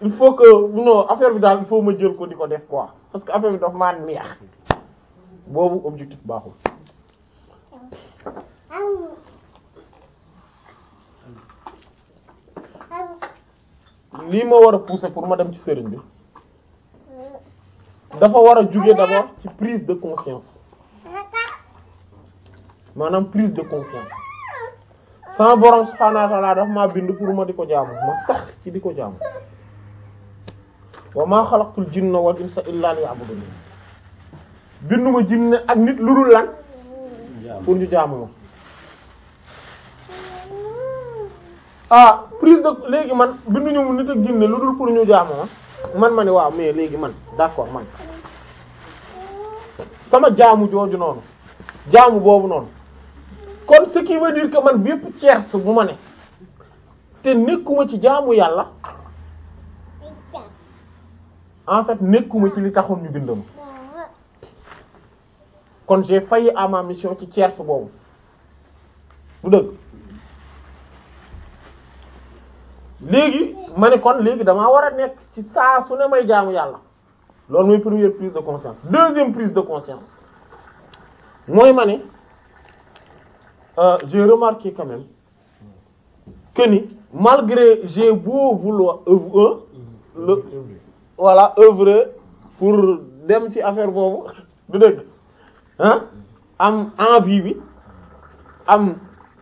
il faut que non affaire bi daal il faut ma jël ko di ko def quoi parce que affaire bi daf maa neex boobu objectif baaxul. lii ma war a pousser pour ma dem ci sëriñ bi dafa war a juger d'abord ci prise de conscience maanaam prise de conscience. sama borom subhaanahu wa ta'aala daf maa bind pour ma di ko jaamu ma sax ci di ko jaamu wa maa xalaqtul jinna wal insa illaa liya'budun binduma jinne ak nit lu dul lan pour ñu jaamu ma ah prise de léegi man binduñu nit ak jinne lu dul pour ñu jaamu ma man ma ne waaw mais léegi man d'accord man sama jaamu jooju noonu jaamu boobu noonu kon ce qui veut dire que man bépp tiers bu ma ne te nekkuma ci jaamu yàlla en fait nekkuma ci li taxoon ñu bindam kon j'ai failli à ma mission ci tiers boobu bu dëgg léegi ma ne kon léegi damaa war a nekk ci saa su ne may jaamu yàlla loolu mooy première prise de conscience deuxième prise de conscience mooy ma ne Euh, j'ai remarqué quand même que ni malgré j'ai beau vouloir œuvre euh, le voilà œuvre pour dem ci affaire boobu du dëgg ah am envie bi am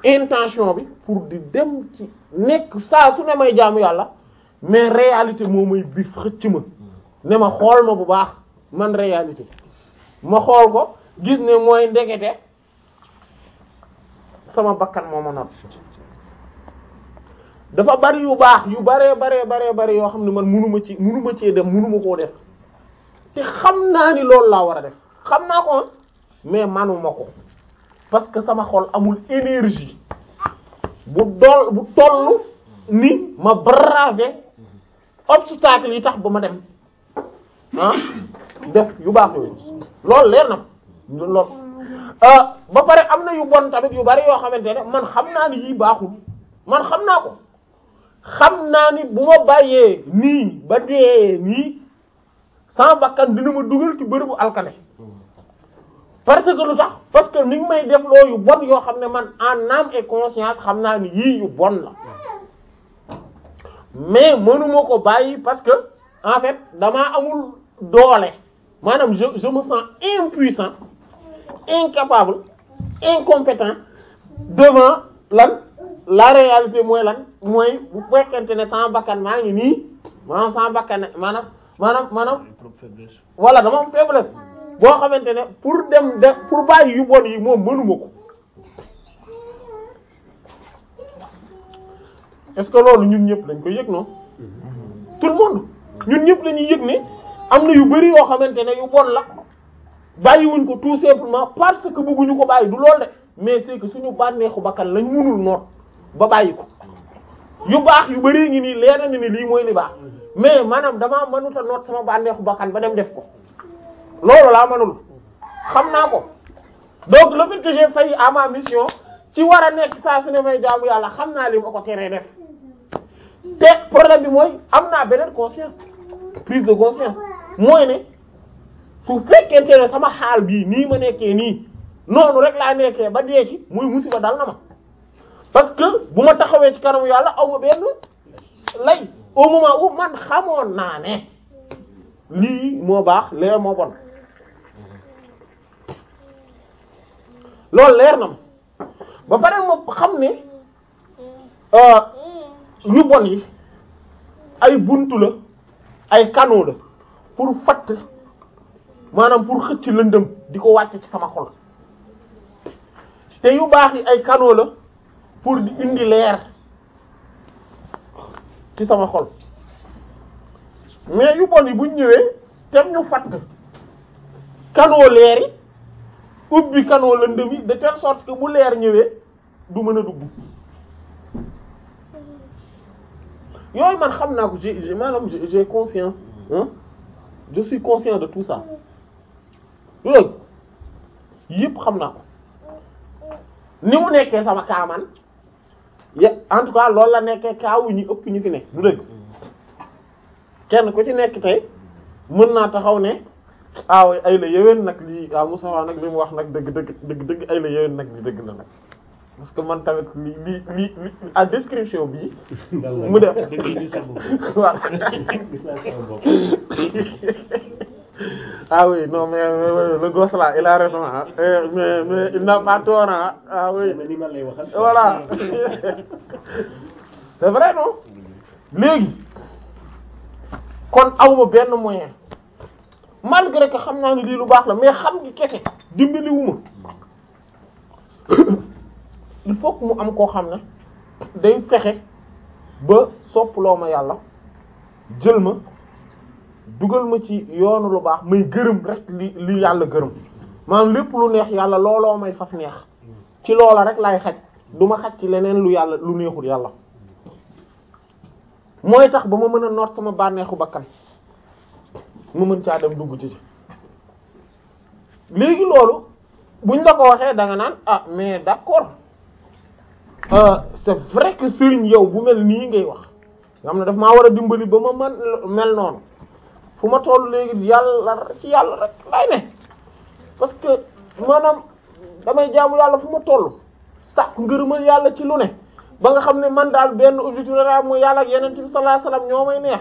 intention bi pour di dem ci nekk saa su ne may jaamu yàlla mais réalité moo may bif xëcc ma ne ma xool ma bu baax man réalité ma xool ko gis ne mooy ndekete sama bakkan moo ma not dafa bari yu baax yu baree baree baree bari yoo xam ne man munu ma ci munu ma cee dem munuma koo def te xam naa ni loolu laa war a def xam naa ko ah, mais manuma ko parce que sama xol amul énergie bu dool bu toll ni ma braver obstacle yi tax ba ma dem ah def yu baax yooyu loolu leer na loolu Ah, ba pare am na yu bon tamit yu bari yoo xamante ne man xam naa ni yii baaxul man xam naa ko xam naa ni bu ma bàyyee nii ba dee nii sama bakkan dina ma dugal ci bërëbu alkane parce que lu tax parce que ni may def loo yu bon yoo xam ne man en âme et conscience xam naa ni yii yu bon la mais mënuma ko bàyyi parce que en fait damaa amul doole maanaam je je me impuissant incapable incompétent devant lan la réalité mooy lan mooy bu fekkente ne sans bakkan maa ngi nii maanaam sans bakkan maanaam maanaam maanaam voilà dama am faiblesse boo xamante ne pour dem de pour bàyyi yu bon yi moom mënuma ko est-ce que loolu ñun ñëpp dañ koy yëg noonu mm-hmm. tout le monde ñun ñëpp lañuy yëg ne am na yu bari yoo xamante ne yu bon la wuñ ko tout simplement parce que bëgguñu ko bàyyi du lool de mais c'est que suñu bànneexu bàkkan lañ munul noot ba bàyyi ko yu baax yu bari ngi nii leer na ne lii mooy li baax mais maanaam damaa mënut a noot sama bànneexu bakkan ba dem def ko loolu laa mënul xam naa ko donc le fait que j'ai failli mission ci war a nekk saa su ne may yàlla xam naa li ma ko teree def te problème bi mooy am naa beneen conscience prise de conscience mooy ne. su fekkente ne sama xaal bii nii ma nekkee nii noonu rek laa nekkee ba dee ci muy musiba dal na ma parce que bu ma taxawee ci kanamu yàlla aw ma benn lay au moment man xamoon naa ne lii moo baax lee moo bon loolu leer na ma ba pare ma xam ne yu euh, bon yi ay buntu la ay canaux la pour fatt maanaam pour xëcc lëndëm di ko wàcc ci sama xol te yu baax yi ay canaux la pour di indi leer ci sama xol mais yu bon yi buñ ñëwee tem ñu fatt canaux leer yi ubbi canaux lëndëm yi de telle sorte que bu leer ñëwee du mën a dugg yooyu man xam naa ko j'ai maanaam j'ai conscience hein je suis conscient de tout ça loolu yëpp xam naa ko ni mu nekkee sama kaaman ye en tout cas loolu la nekkee kaawu ñi ëpp ñu fi ne du dëgg kenn ku ci nekk tey mën naa taxaw ne aw ah, ay la yeween nag li waaw Moussa nag li mu wax nag dëgg dëgg dëgg dëgg ay la yeween nag li dëgg la nag parce que man tamit li li li à description bi mu def waaw ah oui non mais léegi kon awma benn moyen malgré que xam naa ne lu baax la mais xam ngi kese dimbaliwuma il faut mu am koo xam ne day fexe ba soppaloo ma yàlla jël ma dugal ma ci yoonu lu baax may gërëm rek li li yàlla gërëm maanaam lépp lu neex yàlla looloo may faf neex ci loola rek lay xaj du ma xaj ci leneen lu yàlla lu neexul yàlla mooy tax ba ma mën a noot sama bànneexu bakkan mu mën caa dem dugg ci léegi loolu buñ la ko waxee danga naan ah mais d'accord euh, c'est vrai sëriñ yow bu mel nii ngay wax nga xam ne daf maa war a dimbali ba ma mën mel noonu fu ma toll léegi yàlla ci yàlla rek laay ne parce que maanaam damay jaamu yàlla fu ma toll sàkku ngërëmal yàlla ci lu ne ba nga xam ne man daal benn objectif la mooy yàlla ak yeneen bi sallallahu alayhi wasallam ñoo may neex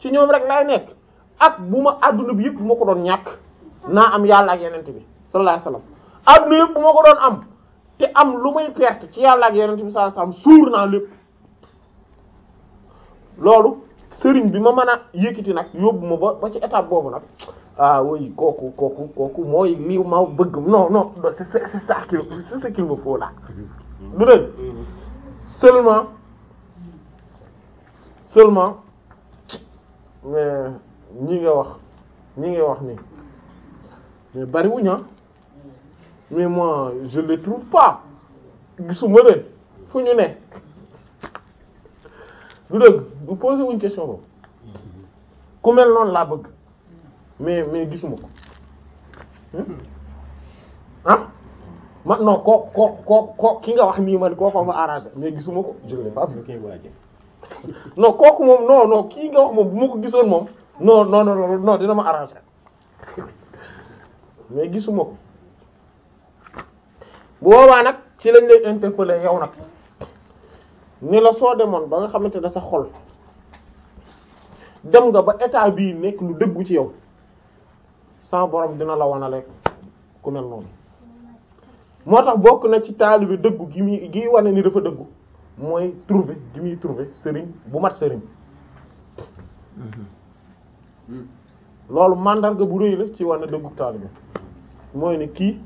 ci ñoom rek laay nekk ak bu ma adduna bi yëpp bu ma ko doon ñàkk naa am yàlla ak yeneen bi sallallahu alayhi wasallam adduna yëpp bu ma ko doon am te am lu may perte ci yàlla ak yeneen bi sallallahu alayhi wasallam suur naa lépp loolu. sëriñ bi ma mën a yëkkati nag yóbbu ma ba ba ci étape boobu nag ah oui kooku kooku kooku mooy lii ma bëgg non non c'est c'est ça qu'il c'est ce qu'il me faut là. Mm-hmm. du dëgg mm-hmm. seulement seulement mais ñi nga wax ñi nga wax ni mais bariwuñ ah. mais moi je les trouve pas gisuma leen fu ñu ne. du dëgg du posé wuñ question boobu ku mel noonu laa bëgg mais mais gisuma ko hmm? ah man non ko ko ko ko ki nga wax nii man koo ko ma arrangé mais gisuma ko je l'ai pas vu non kooku moom non non kii nga wax moom bu ma ko gisoon moom non non non non dina ma arrangé mais gisuma ko bu boobaa nag ci lañ lay interpeller yow nag ni la soo demoon ba nga xamante ne dasa xol dem nga ba état bii nekk lu dëggu ci yow sa borom dina la wanale ku mel noonu moo tax bokk na ci taalibe dëggu gi muy gi wane ni dafa dëggu mooy trouver gi muy trouver sëriñ bu mat sëriñ loolu mandarga bu rëy la ci wane dëggu taalibe mooy ne kii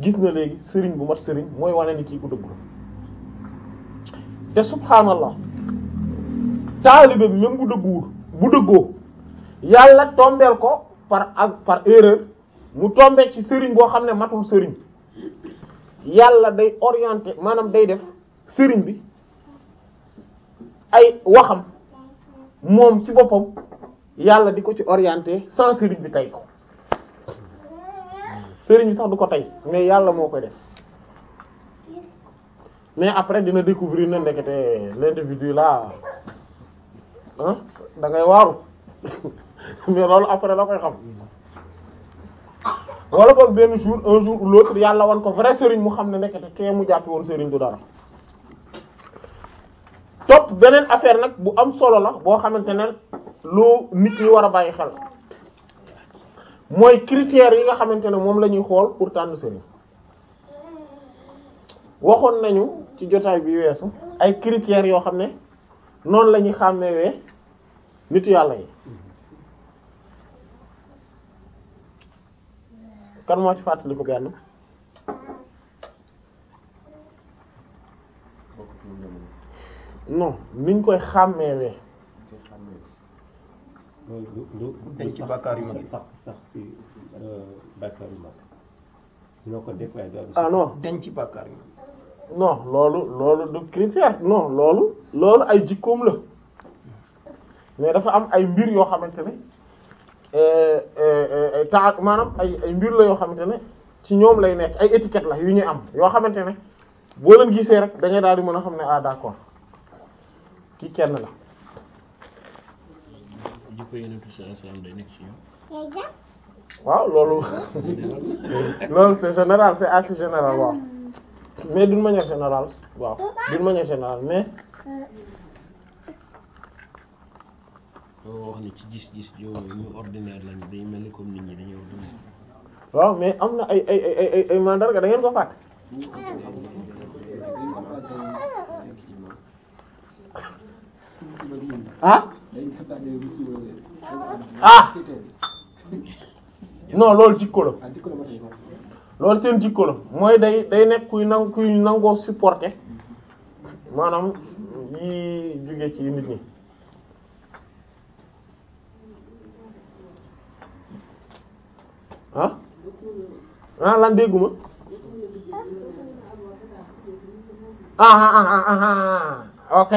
gis na léegi sëriñ bu mat sëriñ mooy wane ni kii ku dëggu te subhaanallah taalibe bi même bu dëgguwul bu dëggoo yàlla tombeel ko par ak par erreur mu tombe ci sëriñ boo xam ne matul sëriñ yàlla day orienté maanaam day def sëriñ bi ay waxam moom ci boppam yàlla di ko ci orienté sans sëriñ bi tey ko sëriñ bi sax du ko tey mais yàlla moo koy def mais après dina découvrir na ndekete l'individu là ah da ngay waaru mais loolu après la koy xam wala boog benn jour un jour ou l'autre yàlla wan ko vrai sëriñ mu xam ne ndekete kee mu jàpp woon sëriñ du dara topp beneen affaire nag bu am solo la boo xamante ne lu nit ñi war a bàyyi xel mooy critères yi nga xamante ne moom la ñuy xool pour tànn sëriñ waxoon nañu ci jotaay bi weesu ay critères yoo xam ne noonu la ñuy xàmmewee nitu yàlla yi kan moo ci fàttali ko benn non niñ koy xàmmewee dañ ci bàkkaar yu mag sax sax ci bàkkaar yu mag ñoo ko découvrir ah ci bàkkaar non loolu loolu du critère non loolu loolu ay jikkoom la mais dafa am ay mbir yoo xamante ne euh, euh, euh, taa maanaam ay ay mbir la yoo xamante ne ci ñoom lay nekk ay étiquette la yu ñuy am yoo xamante ne boo leen gisee rek da daal di mën a xam ne ah d'accord kii kenn la. jikko yeneen salaam day waaw loolu loolu c'est général c'est assez général waaw. mais d'une manière générale waaw d'une manière générale mais. wax ni ci gis-gis yow ñu ordinaire lañ nit ñi dañuy ordinaire. mais am na ay ay ay ay ay mandarga da ngeen ko fàtte. ah. ah. non loolu jikko lool seen jikko mooy day day nekk kuy nang kuy nangoo supporter maanaam yi jóge ci nit ñi ah ah lan dégguma ah ah, ah ah ah ah ok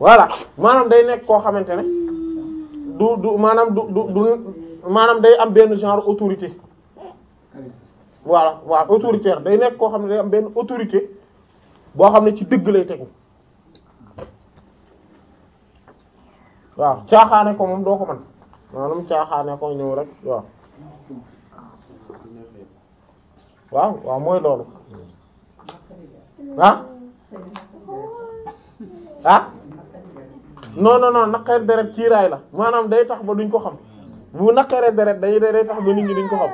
voilà maanaam day nekk koo xamante ne du du maanaam du du du maanaam day am benn genre autorité. voilà waa autoritaire day nekk koo xam ne day am benn autorité boo xam ne ci dëgg lay tegu waaw caaxaane ko moom doo ko mën maanaam caaxaane ko ñëw rek waaw waaw mooy loolu ah ah non non non naqare deret kiiraay la maanaam day tax ba duñ ko xam bu naqare deret day day tax ba nit ñi duñ ko xam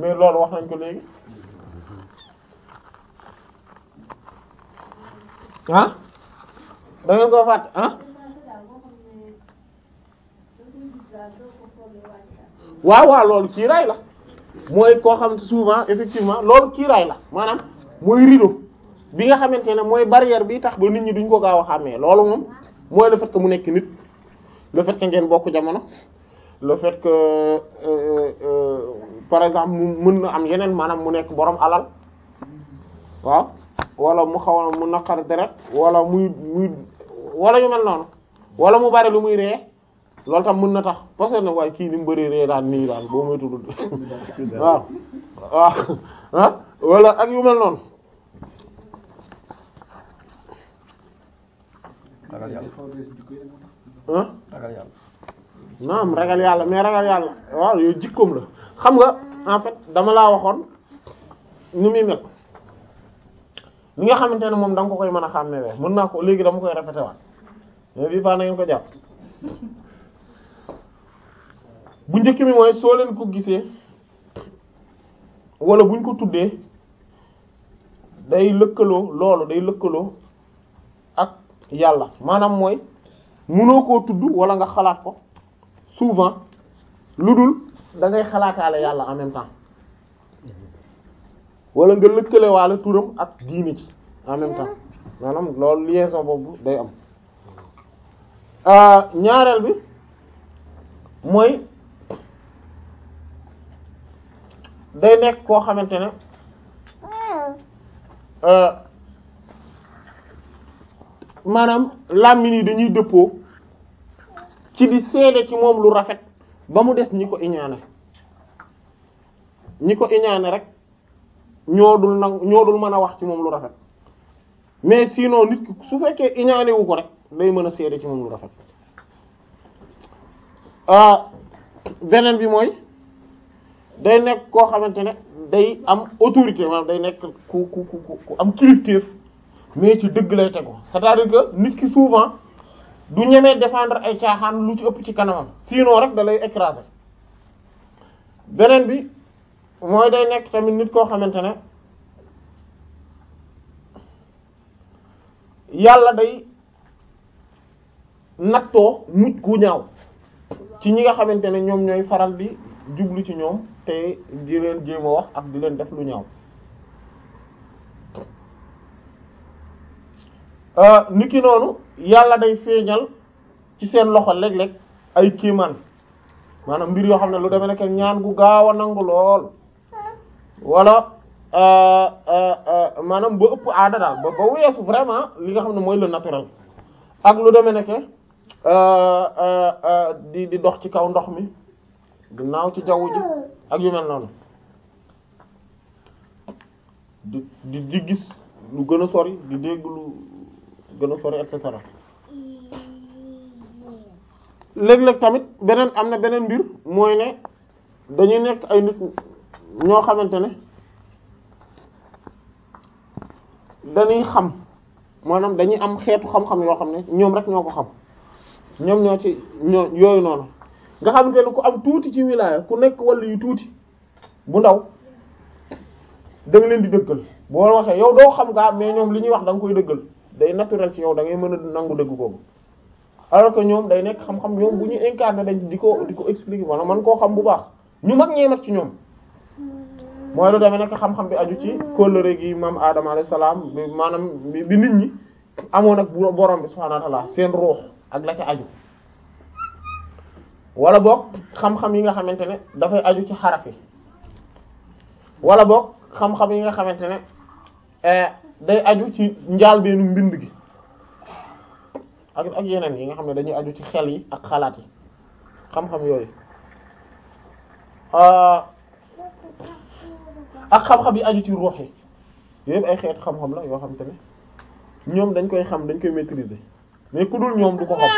mais loolu wax nañ ko léegi ah da ngeen koo fàtt ah waaw waaw loolu kiiraay la mooy koo xam souvent effectivement loolu kiiraay la maanaam mooy rideau bi nga xamante ne mooy barrière bi tax ba nit ñi duñ ko gaaw a xàmmee loolu moom mooy le fait que mu nekk nit le fait que ngeen bokk jamono le fait que euh, euh, euh, par exemple mu mën na am yeneen maanaam mu nekk boroom alal waaw walla mu xaw a mu naqar deret wala muy muy wala yu mel noonu wala mu bari lu muy ree loolu tam mën na tax parce que waaye kii ni mu bari ree daan nii daal boo moytu waaw waaw ah wala ak yu noonu maanaam ragal yàlla mais ragal yàlla waaw yooyu jikkoom la xam nga en fait dama laa waxoon nu muy mel li nga xamante ne moom danga ko koy mën a xàmmewee mën naa ko léegi dama koy répété waat bii baax na ngeen ko jàpp bu njëkk bi mooy soo leen ko gisee wala buñ ko tuddee day lëkkaloo loolu day lëkkaloo ak yàlla maanaam mooy mënoo koo tudd wala nga xalaat ko souvent lu dul dangay ngay xalaataale yàlla en même wala nga lëkkalewaale turam ak diini ci en même loolu liaison boobu day am euh, ñaareel bi mooy day nekk koo xamante ne euh, maanaam làmbin yi dañuy dëppoo ci di seede ci moom lu rafet ba mu des ñi ko iñaane ñi ko iñaane rek ñoo dul nag mën a wax ci moom lu rafet mais sinon nit ki su fekkee iñaane wu ko rek day mën a seede ci moom lu rafet ah beneen bi mooy day nekk koo xamante ne day am autorité maanaam day nekk ku ku ku ku am kilifteef mais ci dëgg lay tegu c'est-à-dire nit ki souvent du ñemee défendre ay caaxaan lu ci ëpp ci kanamam sinon rek da lay beneen bi mooy day nekk tamit nit koo xamante ne yàlla day nattoo nit ku ñaw ci ñi nga xamante ne ñoom ñooy faral di jublu ci ñoom te di leen jéem wax ak di leen def lu ñaw Euh, niki noonu yàlla day feeñal ci seen loxo léeg-léeg ay kiimaan maanaam mbir yoo xam ne lu demee nekk ñaan gu gaaw nangu lool wala euh, euh, maanaam ba ëpp aada daal ba weesu vraiment li nga xam ne mooy le naturel ak lu demee na di di dox ci kaw ndox mi di naaw ci jaww ji ak yu mel noonu di di gis lu gën a sori di dégg lu gën a sori et cetera mm. tamit beneen am na beneen mbir mooy ne dañuy nekk ay nit ñoo xamante ne dañuy xam maanaam dañuy am xeetu xam-xam yoo xam ne ñoom rek ñoo ko xam ñoom ñoo ci ñoo yooyu noonu nga xamante ne ku am tuuti ci wilaaya ku nekk wàllu yu tuuti bu ndaw da leen di dëggal boo waxee yow doo xam gaa mais ñoom li ñuy wax da nga koy dëggal day naturel ci yow da ngay mën a nangu dëgg googu alors que ñoom day nekk xam-xam ñoom bu ñu incarné dañ di ko di ko expliquer wala man koo xam bu baax ñu mag ñee mag ci ñoom mooy lu demee nekk xam-xam bi aju ci kóllëre gi maam Adama alayhi salaam bi maanaam bi nit ñi amoon ak borom bi subhaanahu wa ta'aala seen ruux ak la ca aju wala boog xam-xam yi nga xamante ne dafay aju ci xaraf yi wala xam-xam yi nga xamante ne eh, day aju ci njaal njaalbeenu mbind gi ak ak yeneen yi nga xam ne dañuy aju ci xel yi ak xalaat yi xam-xam yooyu ah, ak xam-xam yi aju ci ruux yi yooyu ay xeet xam-xam la yoo xam te ne ñoom dañ koy xam dañ koy maîtriser mais ku dul ñoom du ko xam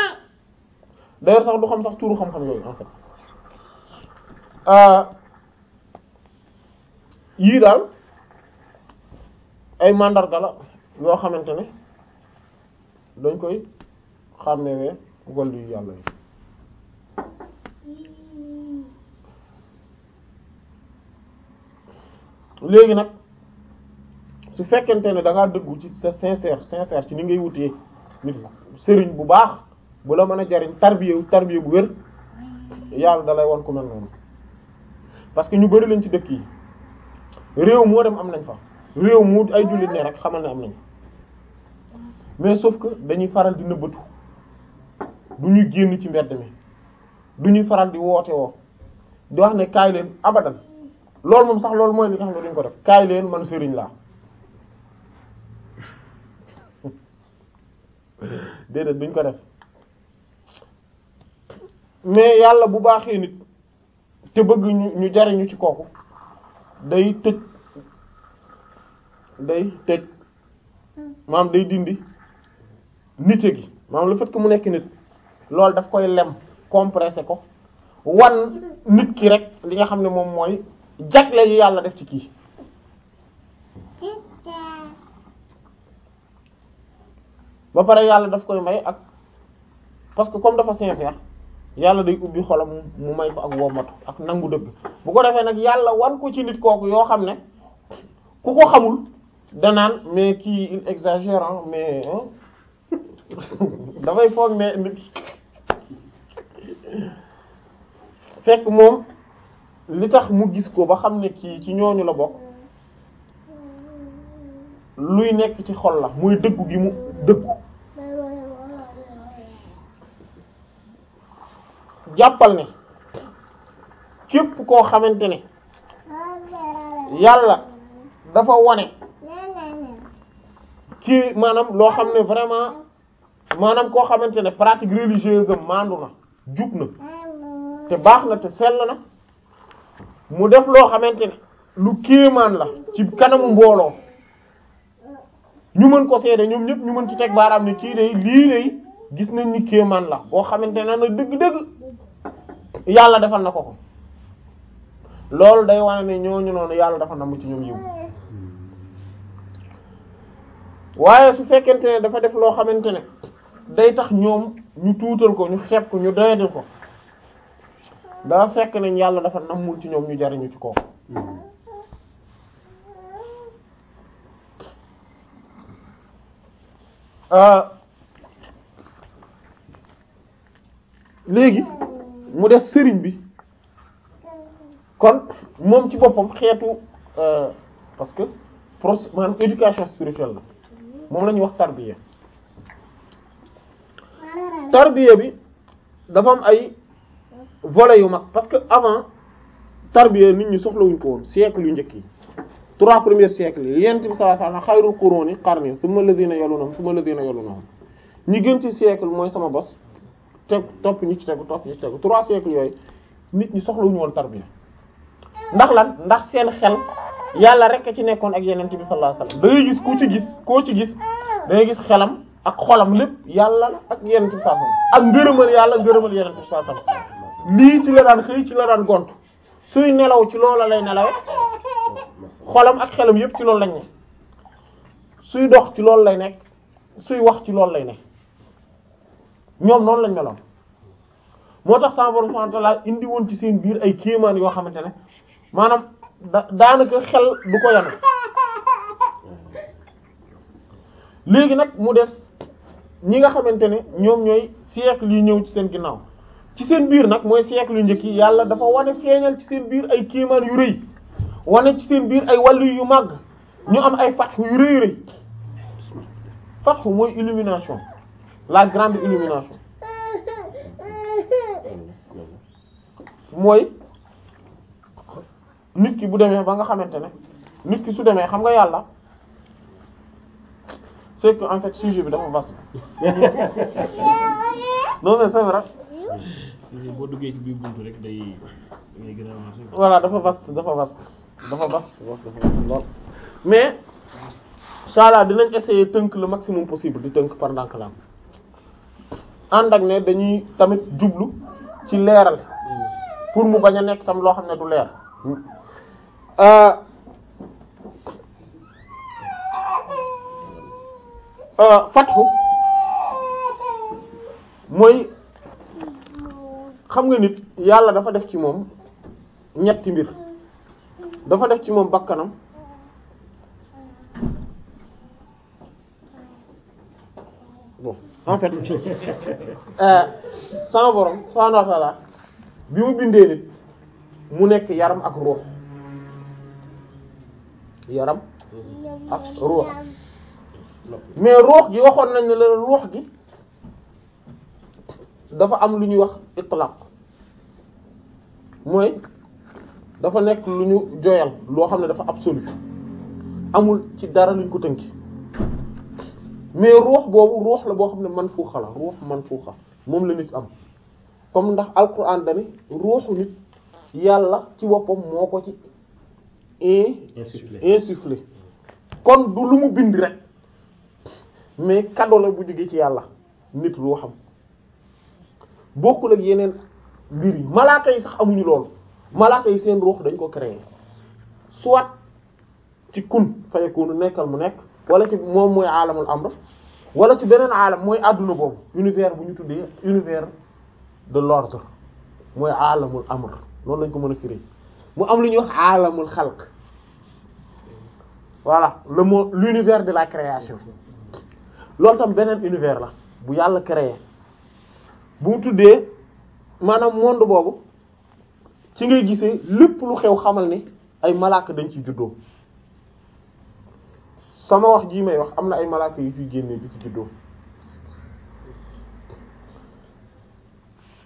d'ailleurs sax du xam sax tuuru xam-xam yooyu en ah, yii daal ay màndarga la yoo xamante ne dañ koy xàmmewee wàllu yu yàlla yi léegi nag su fekkente ne da ngaa dëggu ci sa sincère sincère ci ni ngay wutee nit sëriñ bu baax bu la mën a jariñ tarbiyewu tarbiye bu wér yàlla da lay won ku mel noonu parce que ñu bari lañ ci dëkk yi réew moo dem am nañ fa réew mu ay jullit ne rek xamal ne am nañ mais sauf que dañuy faral di nëbbatu du ñuy génn ci mbedd mi du ñuy faral di woote woo di wax ne kaay leen abadan loolu moom sax loolu mooy li xam ne duñ ko def kaay leen man sëriñ laa déedéet duñ ko def mais yàlla bu baaxee nit te bëgg ñu ñu jariñu ci kooku day tëj day tëj maanaam day dindi nit gi maanaam le fait que mu nekk nit loolu daf koy lem compressé ko wan nit ki rek li nga xam ne moom mooy jagle yu yàlla def ci kii ba pare yàlla daf koy may ak parce que comme dafa sincère yàlla day ubbi xolam mu may ko ak womatu ak nangu dëgg bu ko defee nag yàlla wan ko ci nit kooku yoo xam ne ku ko xamul danaan mais kii il exagère mais dafay foog fekk moom li tax mu gis ko ba xam ne kii ci ñooñu la bokk luy nekk ci xol la muy dëggu gi mu dëggu jàppal ne képp koo xamante ne yàlla dafa wone ci maanaam loo xam ne vraiment maanaam koo xamante ne pratique religieuse maandu na jub na te baax na te sell na mu def loo xamante ne lu kéemaan la ci kanamu mbooloo ñu mën ko seede ñoom ñëpp ñu mën ci teg baaraam ne kii day lii day gis nañ ni kéemaan la boo xamante ne na dëgg-dëgg yàlla defal na ko ko loolu day wane ne ñooñu noonu yàlla dafa nam ci ñoom yiw waaye su fekkente ne dafa def loo xamante ne day tax ñoom ñu tuutal ko ñu xeeb ko ñu doyadal ko daa fekk nañ yàlla dafa nammul ci ñoom ñu jariñu ci kooku ah, léegi mu def sëriñ bi kon moom ci boppam xeetu euh, parce que procès maanaam éducation spirituelle moom lañuy ñuy wax tarbiya tarbiya bi dafa ay vole yu ma parce que avant tarbiya nit ñi soxlawuñ ko woon siècle yu njëkk yi trois premiers siècles yi yent bi sallallahu alayhi wasallam xayrul quruni qarni summa ladina yalunhum summa ladina yalunhum ñi gën ci siècle mooy sama bos teg topp ñi ci tegu topp ñi ci tegu trois siècles yooyu nit ñi soxlawuñu woon tarbiya ndax lan ndax seen xel yàlla rek a ci nekkoon ak yeneen bi sallallahu alayhi wasallam da ngay gis ku ci gis koo ci gis da gis xelam ak xolam lépp yàlla ak yeneen bi sallallahu ak ngërëmal yàlla ngërëmal yeneen bi sallallahu alayhi lii ci la daan xëy ci la daan gont suy nelaw ci loola lay nelaw xolam ak xelam yépp ci loolu lañ ne suy dox ci loolu lay nekk suy wax ci loolu lay nekk ñoom noonu lañ meloon moo tax sama borom subhanahu indi woon ci seen biir ay kéemaan yoo xamante ne maanaam da daanaka xel du ko yanu léegi nag mu des ñi nga xamante ne ñoom ñooy siècle yu ñëw ci seen ginnaaw ci seen biir nag mooy siècle yu njëkk yi yàlla dafa wane feeñal ci seen biir ay kéemaan yu rëy wane ci seen biir ay wàllu yu màgg ñu am ay fatxu yu rëy rëy fatxu mooy illumination la grande illumination mooy nit ki bu demee ba nga xamante ne nit ki su demee xam nga yàlla c'est que en fait sujet bi dafa vaste non mais c'est vrai. boo duggee ci biir buntu rek day day gën dafa vaste dafa vaste dafa vaste dafa vaste lool mais inshallah dinañ essayer tënk le maximum possible di tënk par ndànk laam ànd ak ne dañuy tamit jublu ci leeral mm. pour mu bañ a nekk tam loo xam ne du leer. Ah. Ah, fatxu mooy xam nga nit yàlla dafa def ci moom ñetti mbir dafa def ci moom bakkanam bon en fait euh, sans borom subhanahu wa ta'ala bi mu bindee nit mu nekk yaram ak ruux yaram ak ruux mais ruux gi waxoon nañ ne la ruux gi dafa am lu ñuy wax itlaq mooy dafa nekk lu ñu joyal loo xam ne dafa absolu amul ci dara luñ ko tënki mais ruux boobu ruux la boo xam ne man fuuxa la ruux man fuuxa moom la nit am comme ndax alquran ruuxu nit yàlla ci boppam moo ko ci et insufflé kon du lu mu bind rek mais cadeau la bu jógee ci yàlla nit loo xam bokkul ak yeneen mbir yi malaaka yi sax amuñu loolu malaaka seen ruux dañ ko créé soit ci kun fayakunu nekkal mu nekk wala ci moom mooy aalamul amr wala ci beneen aalam mooy àdduna boobu univers bu ñu tuddee univers de l'ordre mooy aalamul amr loolu lañ ko mën a firi mu am lu ñuy wax alamul xalq voilà le mot l'univers de la création loolu tam beneen univers la bu yàlla créé bu mu tuddee maanaam monde boobu ci ngay gisee lépp lu xew xamal ni ay malaaka dañ ciy juddoo sama wax jii may wax am na ay malaaka yu ciy génnee di ci juddoo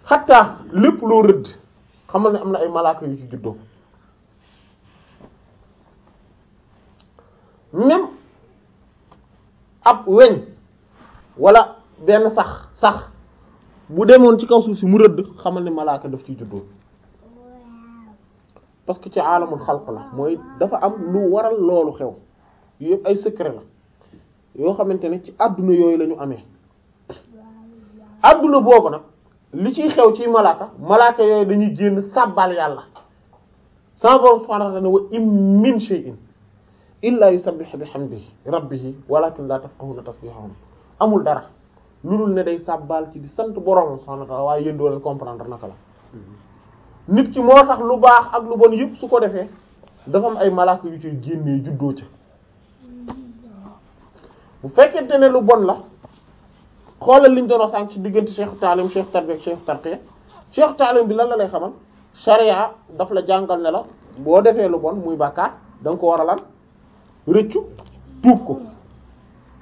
xataa lépp loo rëdd xamal ne am na ay malaaka yu ci juddoo même ab weñ walla benn sax sax bu demoon ci kaw suuf si mu rëdd xamal ne malaaka daf ciy juddoo parce que ci aalamul xalq la mooy dafa am lu waral loolu xew yëpp ay secret la yoo xamante ne ci àdduna yooyu lañu amee àdduna boobu nag li ciy xew ci malaaka malaaka yooyu dañuy génn sàbbal yàlla sa borom subhanahu wa ta'ala wa in min illaa yusabbihu bihamdihi rabbihi walakin la tafqahuna tasbihahum amul dara lu dul ne day sàbbaal ci di sant borom subhanahu wa ta'ala waaye yéen doo leen comprendre naka la nit ki moo tax lu baax ak lu bon yépp su ko defee dafa ay malaaka yu ci génnee juddoo ca bu fekkente ne lu bon la xoolal liñ doon wax ci diggante cheikh taalim cheikh tarbiya cheikh tarqiya cheikh taalim bi lan la lay xamal sharia daf la jàngal ne la boo defee lu bon muy bàkkaar danga ko war a lan rëccu tuub ko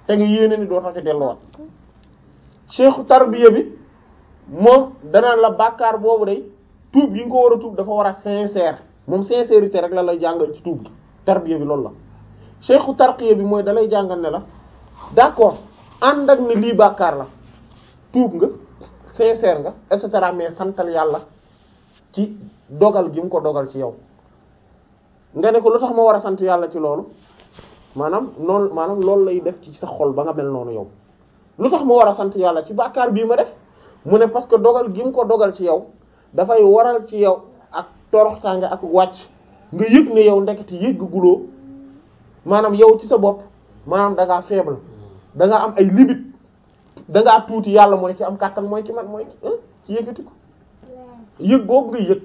te nga yéene ni dootoo ci delluwaat cheikhu tarbiya bi moom dana la bàkkaar boobu day tuub gi nga ko war a tuub dafa war a sincère moom sincérité rek la lay jàngal ci tuub gi tarbiya bi loolu la cheikhu tarqiya bi mooy dalay jàngal ne la d'accord ànd ak ne lii bàkkaar la tuub nga sincère nga et cetera mais santal yàlla ci dogal gi mu ko dogal ci yow nga ne ko lu tax ma war a sant yàlla ci loolu maanaam noonu maanaam loolu lay def ci sa xol ba nga mel noonu yow lu tax mu war a sant yàlla ci bàkkaar bii ma def mu ne parce que dogal gi mu ko dogal ci yow dafay waral ci yow ak toroxtaange ak wàcc nga yëg ne yow ndekete yëgg maanaam yow ci sa bopp maanaam da ngaa da ngaa am ay limite da tuuti yàlla mooy ci am kàttan mooy ci man mooy ci ko yëg googu nga yëg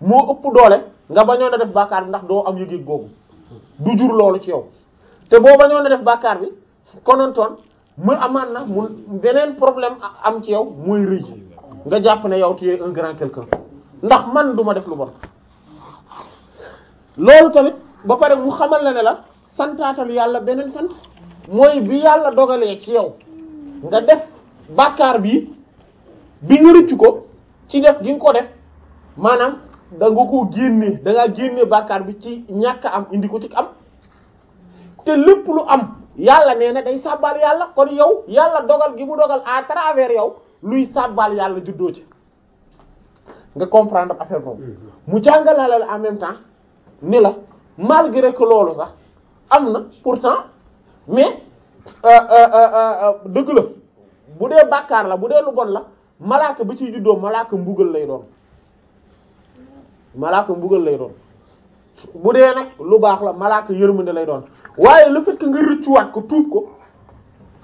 moo ëpp doole nga bañoon a def bàkkaar bi ndax doo am yëg-yëg googu du jur loolu ci yow te boo bañoon a def bàkkaar bi konontoon mu amaan na mu beneen problème am ci yow mooy rëy nga jàpp ne yow tu es un grand quelqu'un ndax man duma def lu bon loolu tamit ba pare mu xamal la ne la santaatal yàlla beneen sant mooy bi yàlla dogalee ci yow nga def bàkkaar bi bi nga rëccu ko ci def gi nga ko def maanaam da ko koo génne da ngaa génne bàkkaar bi ci ñàkk am indi ko ci am te lépp lu am yàlla nee na day sàbbal yàlla kon yow yàlla dogal gi mu dogal à travers yow luy sàbbal yàlla juddoo ci nga comprendre affaire boobu mm-hmm. mu jàngalala la en même temps ni la malgré que loolu sax am na pourtant mais euh, euh, euh, dëgg la bu dee bàkkaar la bu dee lu bon la malaaka ba ciy juddoo malaaka mbugal lay doon malaaka mbugal lay doon bu dee nag lu baax la malaaka yërmande lay doon waaye la fait que nga waat ko tuub ko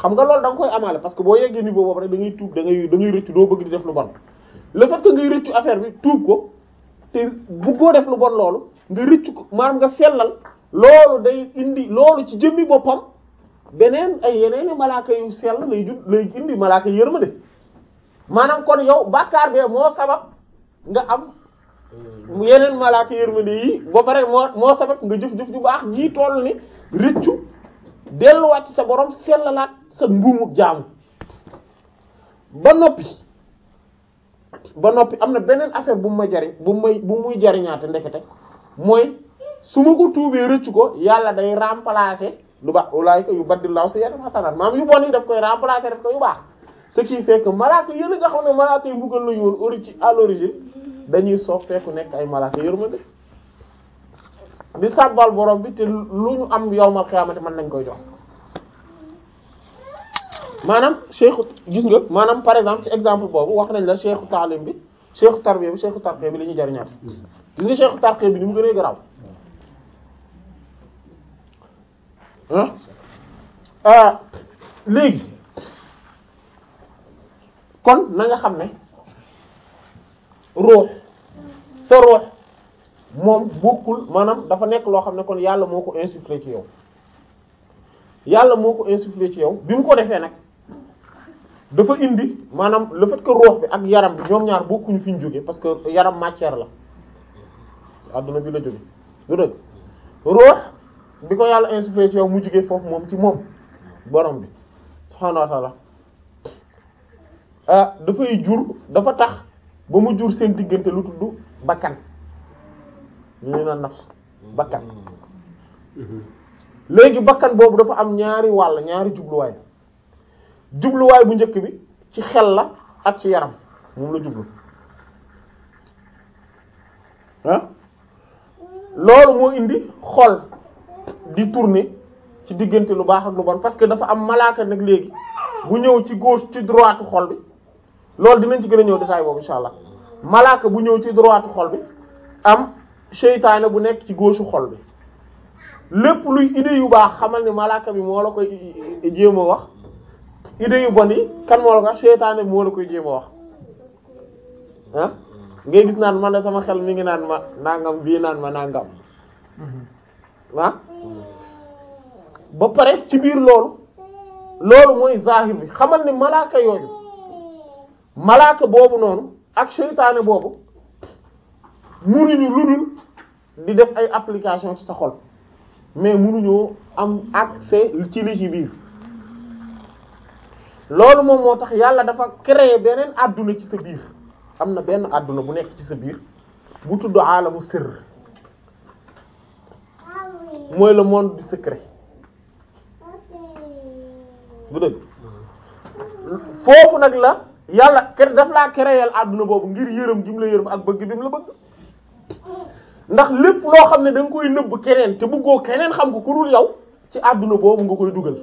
xam nga loolu danga koy amaale parce que boo yeggee niveau boobu rek da ngay tuub dangay da ngay rëccu doo bëgg di def lu bon le fait que ngay rëccu affaire bi tuub ko te bëggoo def lu bon loolu nga rëccu ko maanaam nga sellal loolu day indi loolu ci jëmmi boppam beneen ay yeneen i malaaka yu sell lay jut lay indi malaaka yërmande maanaam kon yow bàkkaar bee moo sabab am mu yeneen malaaka yërmande yi ba pare moo moo nga jëf-jëf ju baax jii tool ni rëccu delluwaat ci sa borom sellalaat sa mbuumu jaamu ba noppi ba noppi am na beneen affaire bu ma jariñ bu may bu muy jariñaate ndekete mooy su ma ko tuubee rëccu ko yàlla day remplacer lu baax walaay ko yu baddilaaw si yeneen xasanaat maam yu bon yi daf koy remplacer daf koy yu baax ce qui fait que malaaka nga xam ne malaaka yu buggal la woon ori ci à dañuy soppeeku nekk ay malaaka yërmande di sàbbal borom bi te lu ñu am yowmal xiyaamati man nañ koy jox maanaam cheikhu gis nga maanaam par exemple ci exemple boobu wax nañ la cheikhu taalim bi cheikhu tarbiya bi cheikhu tarqiya bi la ñuy jariñaat gis nga cheikhu tarqiya bi ni mu gën a garaaw ah léegi kon na nga xam ne ruux sa ruux moom bokkul maanaam dafa nekk loo xam ne kon yàlla moo ko insufflé ci yow yàlla moo ko insufflé ci yow bi mu ko defee nag dafa indi maanaam le fait que bi ak yaram bi ñoom ñaar bokkuñu fi ñu jógee parce que yaram matière la adduna bi la jóge lu dëgg ruux bi ko yàlla insufflé ci yow mu jóge foofu moom ci moom borom bi subhaanahu wa ta'ala ah dafay jur dafa tax ba mu jur seen diggante lu tudd bakkan ñu naan nafs bakkan mm-hmm. léegi bakkan boobu dafa am ñaari wàll ñaari jubluwaay jubluwaay bu njëkk bi ci xel la ak ci yaram moom la jublu ah loolu moo indi xol di tourner ci diggante lu baax ak lu bon parce que dafa am malaaka nag léegi bu ñëw ci gauche ci droite xol bi loolu dinañ ci gën a ñëw détail boobu insha allah malaaka bu ñëw ci droite xol bi am seytaane bu nekk ci gauche xol bi lépp luy idée yu baax xamal ni malaaka bi moo la koy jéem a wax idée yu bon yi seytaane bi koy jéem wax ah ngay gis naan man de sama xel mi ngi naan ma nangam bii naan ma nangam ba pare ci biir loolu loolu mooy zahir bi xamal ni malaaka yooyu malaaka boobu noonu ak seytaane boobu munuñu lu dul di def ay application ci sa xol mais munuñoo am accès ci li ci biir loolu moom moo tax yàlla dafa créer beneen àdduna ci sa biir am na benn àdduna bu nekk ci sa biir bu tudd aalamu sirr mooy le monde du secret bu dëgg foofu nag la yàlla ke daf laa kereyal àdduna boobu ngir yërëm gi la yërëm ak bëgg bi mu la bëgg ndax lépp loo xam ne da koy nëbb keneen te buggoo keneen xam ko ku dul yow ci àdduna boobu nga koy dugal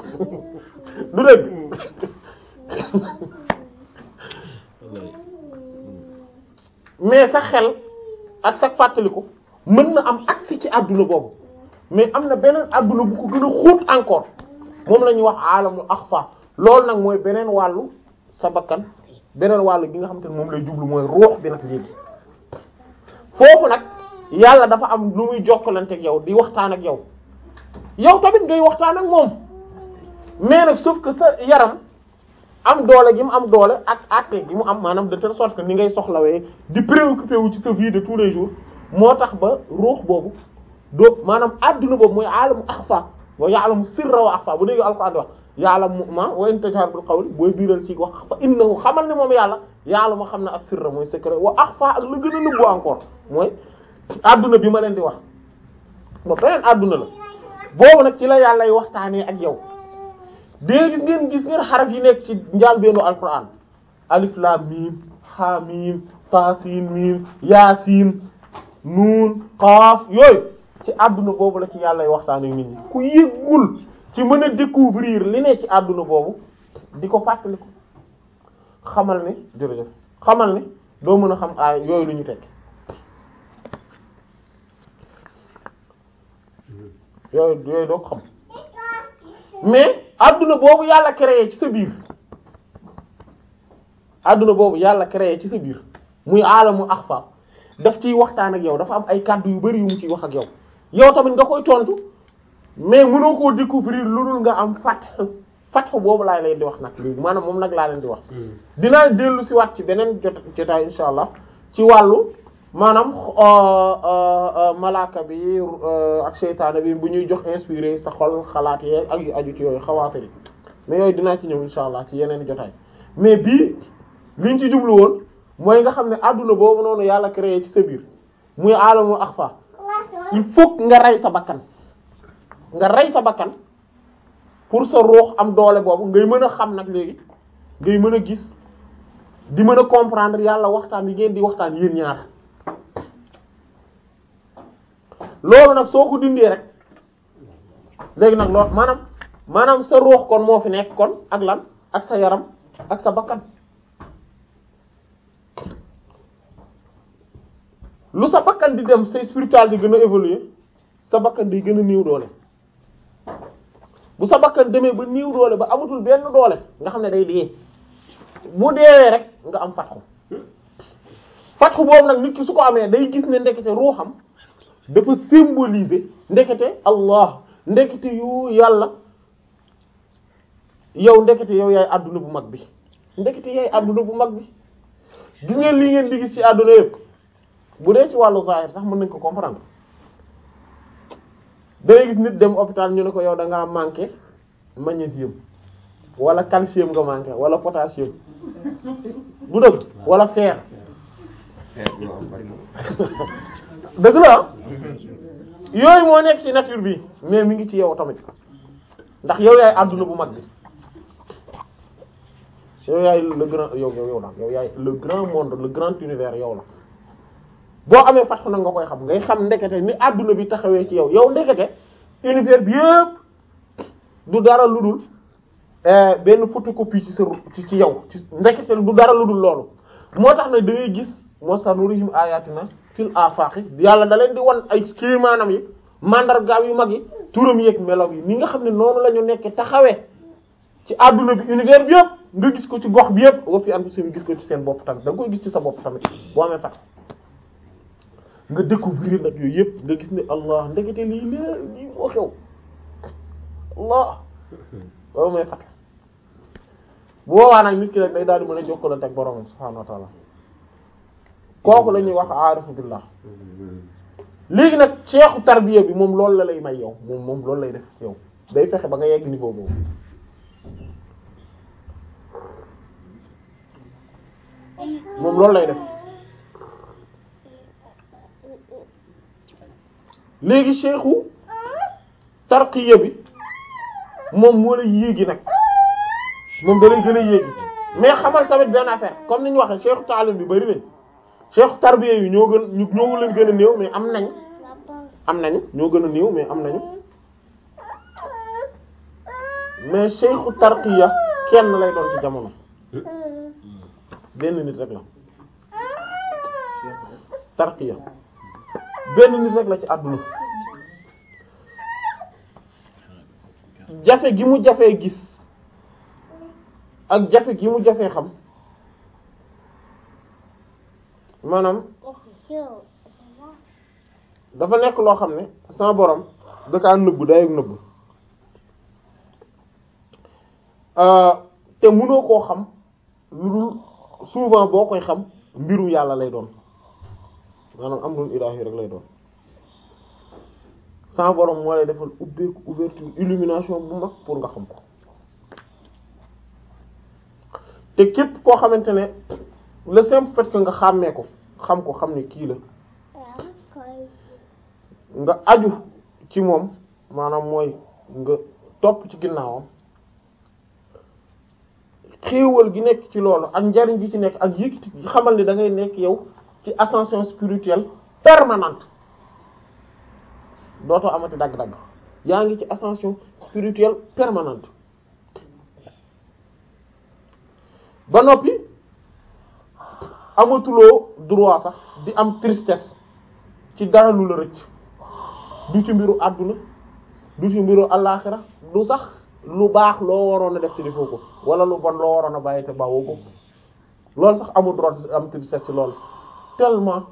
du dëgg mais sa xel ak sa fàttaliku mën na am agsi ci àdduna boobu mais am na beneen àdduna bu ko gën a xóot encore moom la ñuy wax alamul axfa loolu nag mooy beneen wàllu sa bakkan beneen wàllu gi nga xamante ne moom lay jublu mooy ruux bi nag léegi foofu nag yàlla dafa am lu muy jokkalante ak yow di waxtaan ak yow yow tamit ngay waxtaan ak moom mais nag sauf que sa yaram am doole gi mu am doole ak àtte gi mu am maanaam de telle sorte que ni ngay soxlawee di préoccupé wu ci sa vie de tous les jours moo tax ba ruux boobu doo maanaam adduna boobu mooy alamu axfa wa ya'lamu sirra wa axfa bu dégg alxuraan di ya'lamu ma wa in tajhar bil qawl booy biiral ci wax fa innahu xamal ne moom yàlla yàlla ma xam ne a sirra mooy secret wa akhfa ak lu gën a nëbbu encore mooy adduna bi ma leen di wax ba beneen adduna la boobu nag ci la yàllay waxtaanee ak yow dée gis ngeen gis ngeen xaraf yi nekk ci njaal beenu alquran alif lam mim ha mim ta sin mim yaa sin nuun xaaf yooyu ci adduna boobu la ci yàllay waxtaanee nit ñi ku yëggul ci mën a découvrir li ne ci àdduna boobu di ko ko xamal ne jërëjëf xamal ne doo mën a xam aay yooyu lu ñu tekk yooyu doo xam mais àdduna boobu yàlla créé ci sa biir àdduna boobu yàlla créé ci sa biir muy aalamu axfa daf ciy waxtaan ak yow dafa am ay kàddu yu bari yu mu ciy wax ak yow yow tamit nga koy tontu. mais mënoo koo découvrir lu dul nga am fatx fatx boobu laa leen di wax nag léegi maanaam moom nag laa leen di wax hmm. dinaa dellu si waat ci beneen jot jotaay insha allah ci wàllu maanaam euh, euh, euh, malaaka bi ak seytaane bi bu ñuy jox inspiré sa xol xalaat yee ak yu aju ci yooyu xawaate mais yooyu dinaa ci ñëw insha allah ci yeneen jotaay mais bii liñ ci jublu woon mooy nga xam ne adduna boobu noonu yàlla créer ci sa biir muy alamu axfa il faut nga rey sa bakkan nga rey sa bakkan pour sa ruux am doole boobu ngay mën a xam nag léegi ngay mën a gis di mën a comprendre yàlla waxtaan yi ngeen di waxtaan yéen ñaar loolu nag soo ko dindee rek léegi nag loolu maanaam maanaam sa ruux kon moo fi nekk kon ak lan ak sa yaram ak sa bakkan lu sa bakkan di dem sa spiritualité gën a évoluer sa bakkan day gën a néew doole bu sa demee ba niiw doole ba amatul benn doole nga xam ne day dee bu deewee rek nga am fatxu fatxu boobu nag nit ki su ko amee day gis ne ndekete ruuxam dafa symboliser ndekete allah ndekete yu yàlla yow ndekete yow yaay àdduna bu mag bi ndekete yaay àdduna bu mag bi gis ngeen lii ngeen di gis ci àdduna yëpp bu dee ci wàllu zahir sax mën nañ ko comprendre day gis nit dem hôpital ñu ne ko yow da ngaa manqué magnésium wala calcium nga manqué wala potassium bu dëgg wala fer dëgg la yooyu moo nekk ci nature bi mais mi ngi ci yow tamit ndax yow yaay àdduna bu mag bi yow yaay le grand yow yow yow la yow yaay le grand monde le grand univers yow la boo amee fatxu nag nga koy xam ngay xam ndekete ni adduna bi taxawee ci yow yow ndekete univers bi yëpp du dara lu dul eh, benn photocopie ci sa ci ci yow ci ndekete du dara lu dul loolu moo tax na da ngay gis moo sanurihim a fil yi yàlla da leen di wan ay kii maanaam yi mandargaaw yu mag yi turam yeeg melaw yi ni nga xam ne noonu la ñu taxawee ci adduna bi univers bi yëpp nga gis ko ci gox bi yëpp nga fi am gis ko ci seen bopp tamit da nga gis ci sa bopp tamit boo amee fatxu nga découvrir nag yooyu yëpp nga gis ni allah ndekete lii lii lii moo xew allah loolu mooy fat bu la ñuy wax aarifu billah nag ceexu tarbiya bi moom loolu la lay may yow moom loolu lay def yow day fexe ba nga yegg niveau boobu moom loolu lay def léegi seexu tarqiya bi moom moo la yéegi nag moom da lay gën a yéegi mais xamal tamit benn affaire comme ni ñu waxee seexu taalim bi bari nañ seexu tarbiya yi ñoo gën ñoo leen gën a néew mais am nañ am nañu ñoo gën a néew mais am nañu mais seexu tarqiya kenn lay doon ci jamono benn nit rek la tarqiya benn nit rek la ci àdduna jafe gi mu jafee gis ak jafe gi mu jafee xam maanaam dafa nekk loo xam ne sama borom da kaa nëbbu dayoo nëbbu euh, te mënoo koo xam lu dul souvent boo koy xam mbiru yàlla lay doon. maanaam amrun ilaahi rek lay doon sa borom moo lay defal ubbeeku ouverture illumination bu mag pour nga xam ko te képp koo xamante ne le simple fait que nga xàmmee ko xam ko xam ne kii la nga aju ci moom maanaam mooy nga topp ci ginnaawam xéewal gi nekk ci loolu ak njariñ gi ci nekk ak yëkkati xamal ni da ngay nekk yow ci ascension spirituelle permanente dooto amati dagg-dagg yaa ngi ci ascension spirituelle permanente ba noppi amatuloo droit sax di am tristesse ci dara lu la rëcc du ci mbiru àdduna du ci mbiru àllaaxira du sax lu baax loo waroon a def ci defoo ko wala lu bon loo waroon a bàyyi te bawoo ko loolu sax amul droit am tristesse ci loolu tellement